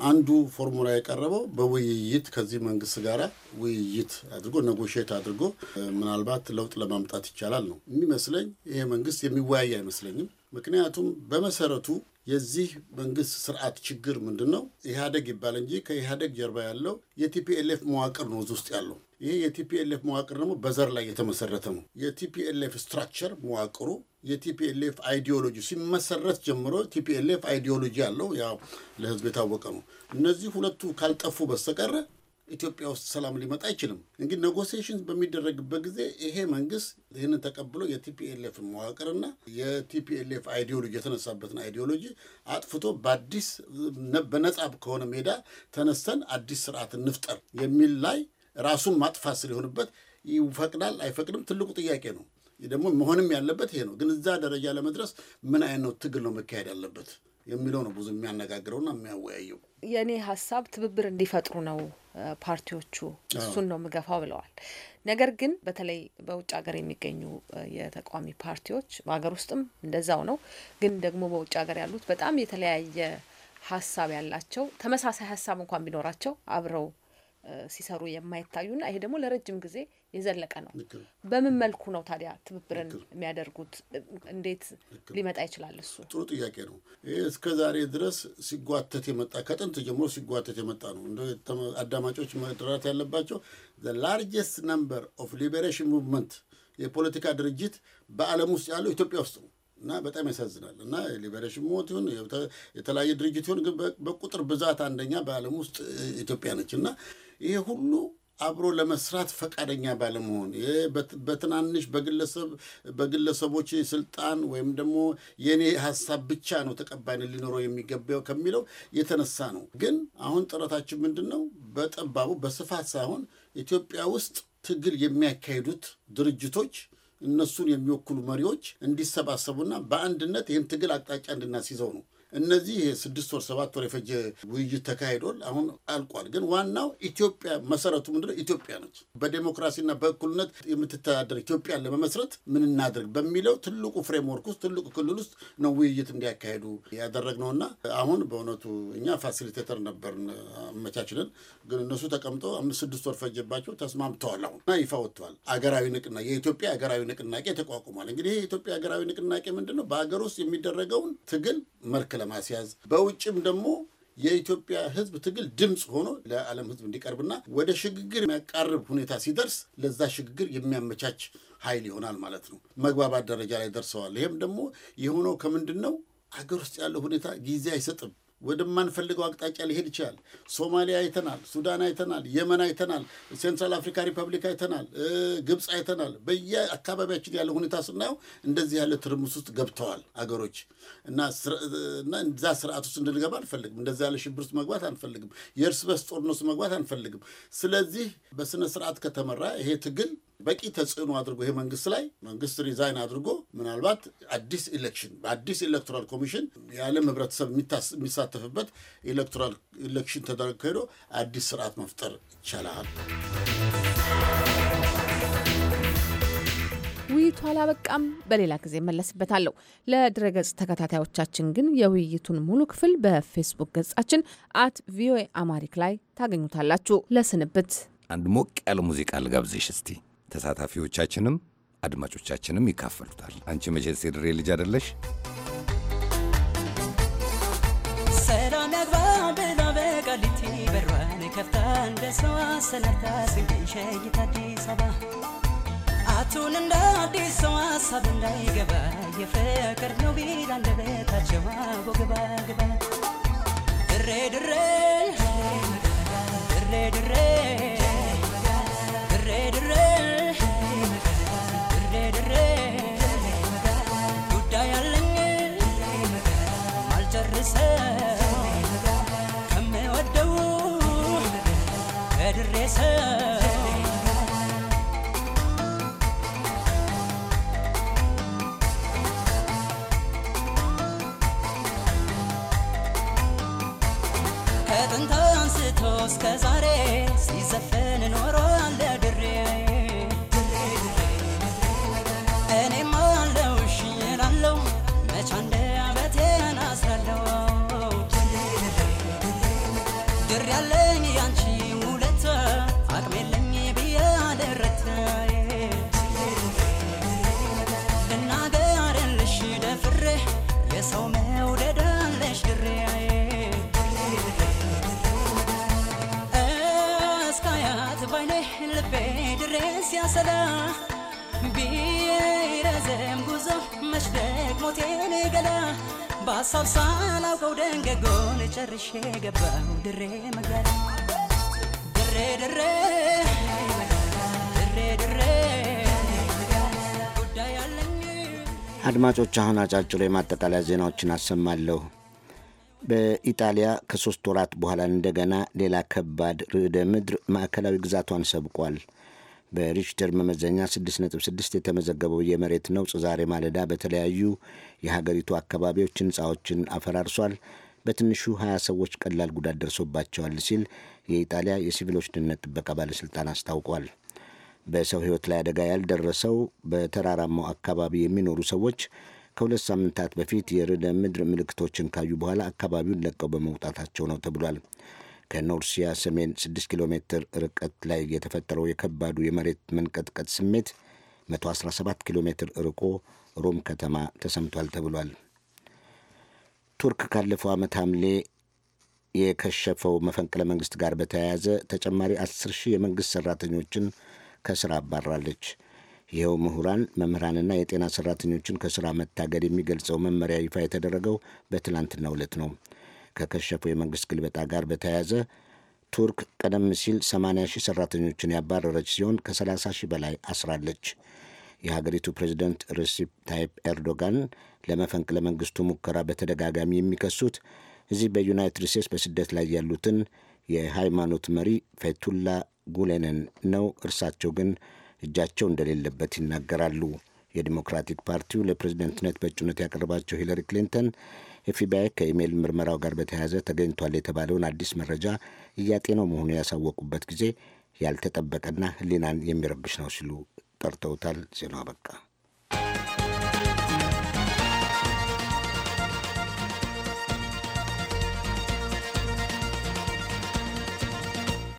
አንዱ ፎርሙላ የቀረበው በውይይት ከዚህ መንግስት ጋር ውይይት አድርጎ ነጎሼት አድርጎ ምናልባት ለውጥ ለማምጣት ይቻላል ነው የሚመስለኝ። ይሄ መንግስት የሚወያይ አይመስለኝም። ምክንያቱም በመሰረቱ የዚህ መንግስት ስርዓት ችግር ምንድን ነው? ኢህአደግ ይባል እንጂ ከኢህአደግ ጀርባ ያለው የቲፒኤልኤፍ መዋቅር ነው እዚህ ውስጥ ያለው። ይሄ የቲፒኤልኤፍ መዋቅር ደግሞ በዘር ላይ የተመሰረተ ነው። የቲፒኤልኤፍ ስትራክቸር መዋቅሩ የቲፒኤልኤፍ አይዲዮሎጂ ሲመሰረት ጀምሮ ቲፒኤልኤፍ አይዲዮሎጂ ያለው ያው ለህዝብ የታወቀ ነው። እነዚህ ሁለቱ ካልጠፉ በስተቀረ ኢትዮጵያ ውስጥ ሰላም ሊመጣ አይችልም። እንግዲህ ኔጎሲዬሽን በሚደረግበት ጊዜ ይሄ መንግስት ይህንን ተቀብሎ የቲፒኤልኤፍ መዋቅርና የቲፒኤልኤፍ አይዲዮሎጂ የተነሳበትን አይዲዮሎጂ አጥፍቶ በአዲስ በነጻ ከሆነ ሜዳ ተነስተን አዲስ ስርዓት እንፍጠር የሚል ላይ ራሱን ማጥፋት ስለሆንበት ይፈቅዳል አይፈቅድም ትልቁ ጥያቄ ነው። ደግሞ መሆንም ያለበት ይሄ ነው። ግን እዛ ደረጃ ለመድረስ ምን አይነት ትግል ነው መካሄድ ያለበት የሚለው ነው ብዙ የሚያነጋግረውና የሚያወያየው። የእኔ ሀሳብ ትብብር እንዲፈጥሩ ነው ፓርቲዎቹ፣ እሱን ነው ምገፋው ብለዋል። ነገር ግን በተለይ በውጭ ሀገር የሚገኙ የተቃዋሚ ፓርቲዎች በሀገር ውስጥም እንደዛው ነው። ግን ደግሞ በውጭ ሀገር ያሉት በጣም የተለያየ ሀሳብ ያላቸው ተመሳሳይ ሀሳብ እንኳን ቢኖራቸው አብረው ሲሰሩ የማይታዩና ይሄ ደግሞ ለረጅም ጊዜ የዘለቀ ነው። በምን መልኩ ነው ታዲያ ትብብርን የሚያደርጉት? እንዴት ሊመጣ ይችላል? እሱ ጥሩ ጥያቄ ነው። ይህ እስከ ዛሬ ድረስ ሲጓተት የመጣ ከጥንት ጀምሮ ሲጓተት የመጣ ነው። እንደ አዳማጮች መድራት ያለባቸው ላርጀስት ነምበር ኦፍ ሊበሬሽን ሙቭመንት የፖለቲካ ድርጅት በዓለም ውስጥ ያለው ኢትዮጵያ ውስጥ ነው። እና በጣም ያሳዝናል። እና ሊበሬሽን ሞት ይሁን የተለያየ ድርጅት ይሁን ግን በቁጥር ብዛት አንደኛ በዓለም ውስጥ ኢትዮጵያ ነች። እና ይሄ ሁሉ አብሮ ለመስራት ፈቃደኛ ባለመሆን በትናንሽ በግለሰብ በግለሰቦች ስልጣን ወይም ደግሞ የእኔ ሀሳብ ብቻ ነው ተቀባይነት ሊኖረው የሚገባው ከሚለው የተነሳ ነው። ግን አሁን ጥረታችን ምንድን ነው? በጠባቡ በስፋት ሳይሆን ኢትዮጵያ ውስጥ ትግል የሚያካሂዱት ድርጅቶች እነሱን የሚወክሉ መሪዎች እንዲሰባሰቡና በአንድነት ይህን ትግል አቅጣጫ እንድናስይዘው ነው እነዚህ ስድስት ወር ሰባት ወር የፈጀ ውይይት ተካሂዷል። አሁን አልቋል። ግን ዋናው ኢትዮጵያ መሰረቱ ምንድነው? ኢትዮጵያ ነች። በዴሞክራሲና በእኩልነት የምትተዳደር ኢትዮጵያን ለመመስረት ምን እናድርግ በሚለው ትልቁ ፍሬምወርክ ውስጥ ትልቁ ክልል ውስጥ ነው ውይይት እንዲያካሄዱ ያደረግነው እና አሁን በእውነቱ እኛ ፋሲሊቴተር ነበርን አመቻችንን። ግን እነሱ ተቀምጠው አምስት ስድስት ወር ፈጀባቸው። ተስማምተዋል። አሁን እና ይፋ ወጥተዋል። አገራዊ ንቅናቄ የኢትዮጵያ አገራዊ ንቅናቄ ተቋቁሟል። እንግዲህ የኢትዮጵያ አገራዊ ንቅናቄ ምንድነው? በሀገር ውስጥ የሚደረገውን ትግል መርከል ለማስያዝ በውጭም ደግሞ የኢትዮጵያ ሕዝብ ትግል ድምፅ ሆኖ ለዓለም ሕዝብ እንዲቀርብና ወደ ሽግግር የሚያቃርብ ሁኔታ ሲደርስ ለዛ ሽግግር የሚያመቻች ኃይል ይሆናል ማለት ነው። መግባባት ደረጃ ላይ ደርሰዋል። ይህም ደግሞ የሆነው ከምንድን ነው? አገር ውስጥ ያለው ሁኔታ ጊዜ አይሰጥም። ወደማንፈልገው አቅጣጫ ሊሄድ ይችላል። ሶማሊያ አይተናል፣ ሱዳን አይተናል፣ የመን አይተናል፣ ሴንትራል አፍሪካ ሪፐብሊክ አይተናል፣ ግብፅ አይተናል። በየአካባቢያችን ያለው ሁኔታ ስናየው እንደዚህ ያለ ትርምስ ውስጥ ገብተዋል አገሮች እና እዛ ስርዓት ውስጥ እንድንገባ አንፈልግም። እንደዚህ ያለ ሽብር ውስጥ መግባት አንፈልግም። የእርስ በርስ ጦርነት ውስጥ መግባት አንፈልግም። ስለዚህ በስነ ስርዓት ከተመራ ይሄ ትግል በቂ ተጽዕኖ አድርጎ ይሄ መንግስት ላይ መንግስት ሪዛይን አድርጎ ምናልባት አዲስ ኢሌክሽን በአዲስ ኤሌክቶራል ኮሚሽን የዓለም ህብረተሰብ የሚሳተፍበት ኤሌክቶራል ኢሌክሽን ተደረግ አዲስ ስርዓት መፍጠር ይቻላል። ውይይቱ አላበቃም፣ በሌላ ጊዜ መለስበታለሁ። ለድረገጽ ተከታታዮቻችን ግን የውይይቱን ሙሉ ክፍል በፌስቡክ ገጻችን አት ቪኦኤ አማሪክ ላይ ታገኙታላችሁ። ለስንብት አንድ ሞቅ ያለ ሙዚቃ ልጋብዝሽ እስቲ። ተሳታፊዎቻችንም አድማጮቻችንም ይካፈሉታል። አንቺ መቼስ የድሬ ልጅ አይደለሽ? ሰላም ያግባ ብላ በቃሊቲ በሯን ከፍታ እንደ ሰው አሰናድታ ስንሸይት አዲስ አበባ አቱን እንደ አዲስ ሰው ሀሳብ እንዳይገባ የፍቅር ነው ቢል አንደበታቸው አቦገባ ግባ ድሬ ድሬ ድሬ ድሬ ሰው ከጥንት አንስቶ እስከ ዛሬ ሲዘፈን ኖሮ ሰላ ቢረዘም ጉዞ መሽደግ ሞቴን ገላ በሀሳብ ሳላውቀው ደንገጎን ጨርሼ ገባው ድሬ መጋላ ድሬ ድሬ ድሬ ድሬ አድማጮች አሁን አጫጭሮ የማጠቃለያ ዜናዎችን አሰማለሁ። በኢጣሊያ ከሶስት ወራት በኋላ እንደገና ሌላ ከባድ ርዕደ ምድር ማዕከላዊ ግዛቷን ሰብቋል። በሪሽተር መመዘኛ 6.6 የተመዘገበው የመሬት ነውጥ ዛሬ ማለዳ በተለያዩ የሀገሪቱ አካባቢዎች ህንፃዎችን አፈራርሷል። በትንሹ 20 ሰዎች ቀላል ጉዳት ደርሶባቸዋል ሲል የኢጣሊያ የሲቪሎች ደህንነት ጥበቃ ባለሥልጣን አስታውቋል። በሰው ሕይወት ላይ አደጋ ያልደረሰው በተራራማው አካባቢ የሚኖሩ ሰዎች ከሁለት ሳምንታት በፊት የርዕደ ምድር ምልክቶችን ካዩ በኋላ አካባቢውን ለቀው በመውጣታቸው ነው ተብሏል። ከኖርሲያ ሰሜን 6 ኪሎ ሜትር ርቀት ላይ የተፈጠረው የከባዱ የመሬት መንቀጥቀጥ ስሜት 117 ኪሎ ሜትር ርቆ ሮም ከተማ ተሰምቷል ተብሏል። ቱርክ ካለፈው ዓመት ሐምሌ የከሸፈው መፈንቅለ መንግሥት ጋር በተያያዘ ተጨማሪ 10 ሺህ የመንግሥት ሠራተኞችን ከሥራ አባራለች። ይኸው ምሁራን፣ መምህራንና የጤና ሠራተኞችን ከሥራ መታገድ የሚገልጸው መመሪያ ይፋ የተደረገው በትላንትናው ዕለት ነው። ከከሸፈው የመንግሥት ግልበጣ ጋር በተያያዘ ቱርክ ቀደም ሲል 80 ሺህ ሠራተኞችን ያባረረች ሲሆን ከ30 ሺህ በላይ አስራለች። የሀገሪቱ ፕሬዚደንት ሬሲፕ ታይፕ ኤርዶጋን ለመፈንቅለ ለመንግስቱ ሙከራ በተደጋጋሚ የሚከሱት እዚህ በዩናይትድ ስቴትስ በስደት ላይ ያሉትን የሃይማኖት መሪ ፌቱላ ጉሌንን ነው። እርሳቸው ግን እጃቸው እንደሌለበት ይናገራሉ። የዲሞክራቲክ ፓርቲው ለፕሬዝደንትነት በእጩነት ያቀረባቸው ሂለሪ ክሊንተን ኤፍቢአይ ከኢሜይል ምርመራው ጋር በተያያዘ ተገኝቷል የተባለውን አዲስ መረጃ እያጤነው መሆኑ ያሳወቁበት ጊዜ ያልተጠበቀና ሕሊናን የሚረብሽ ነው ሲሉ ጠርተውታል። ዜናው አበቃ።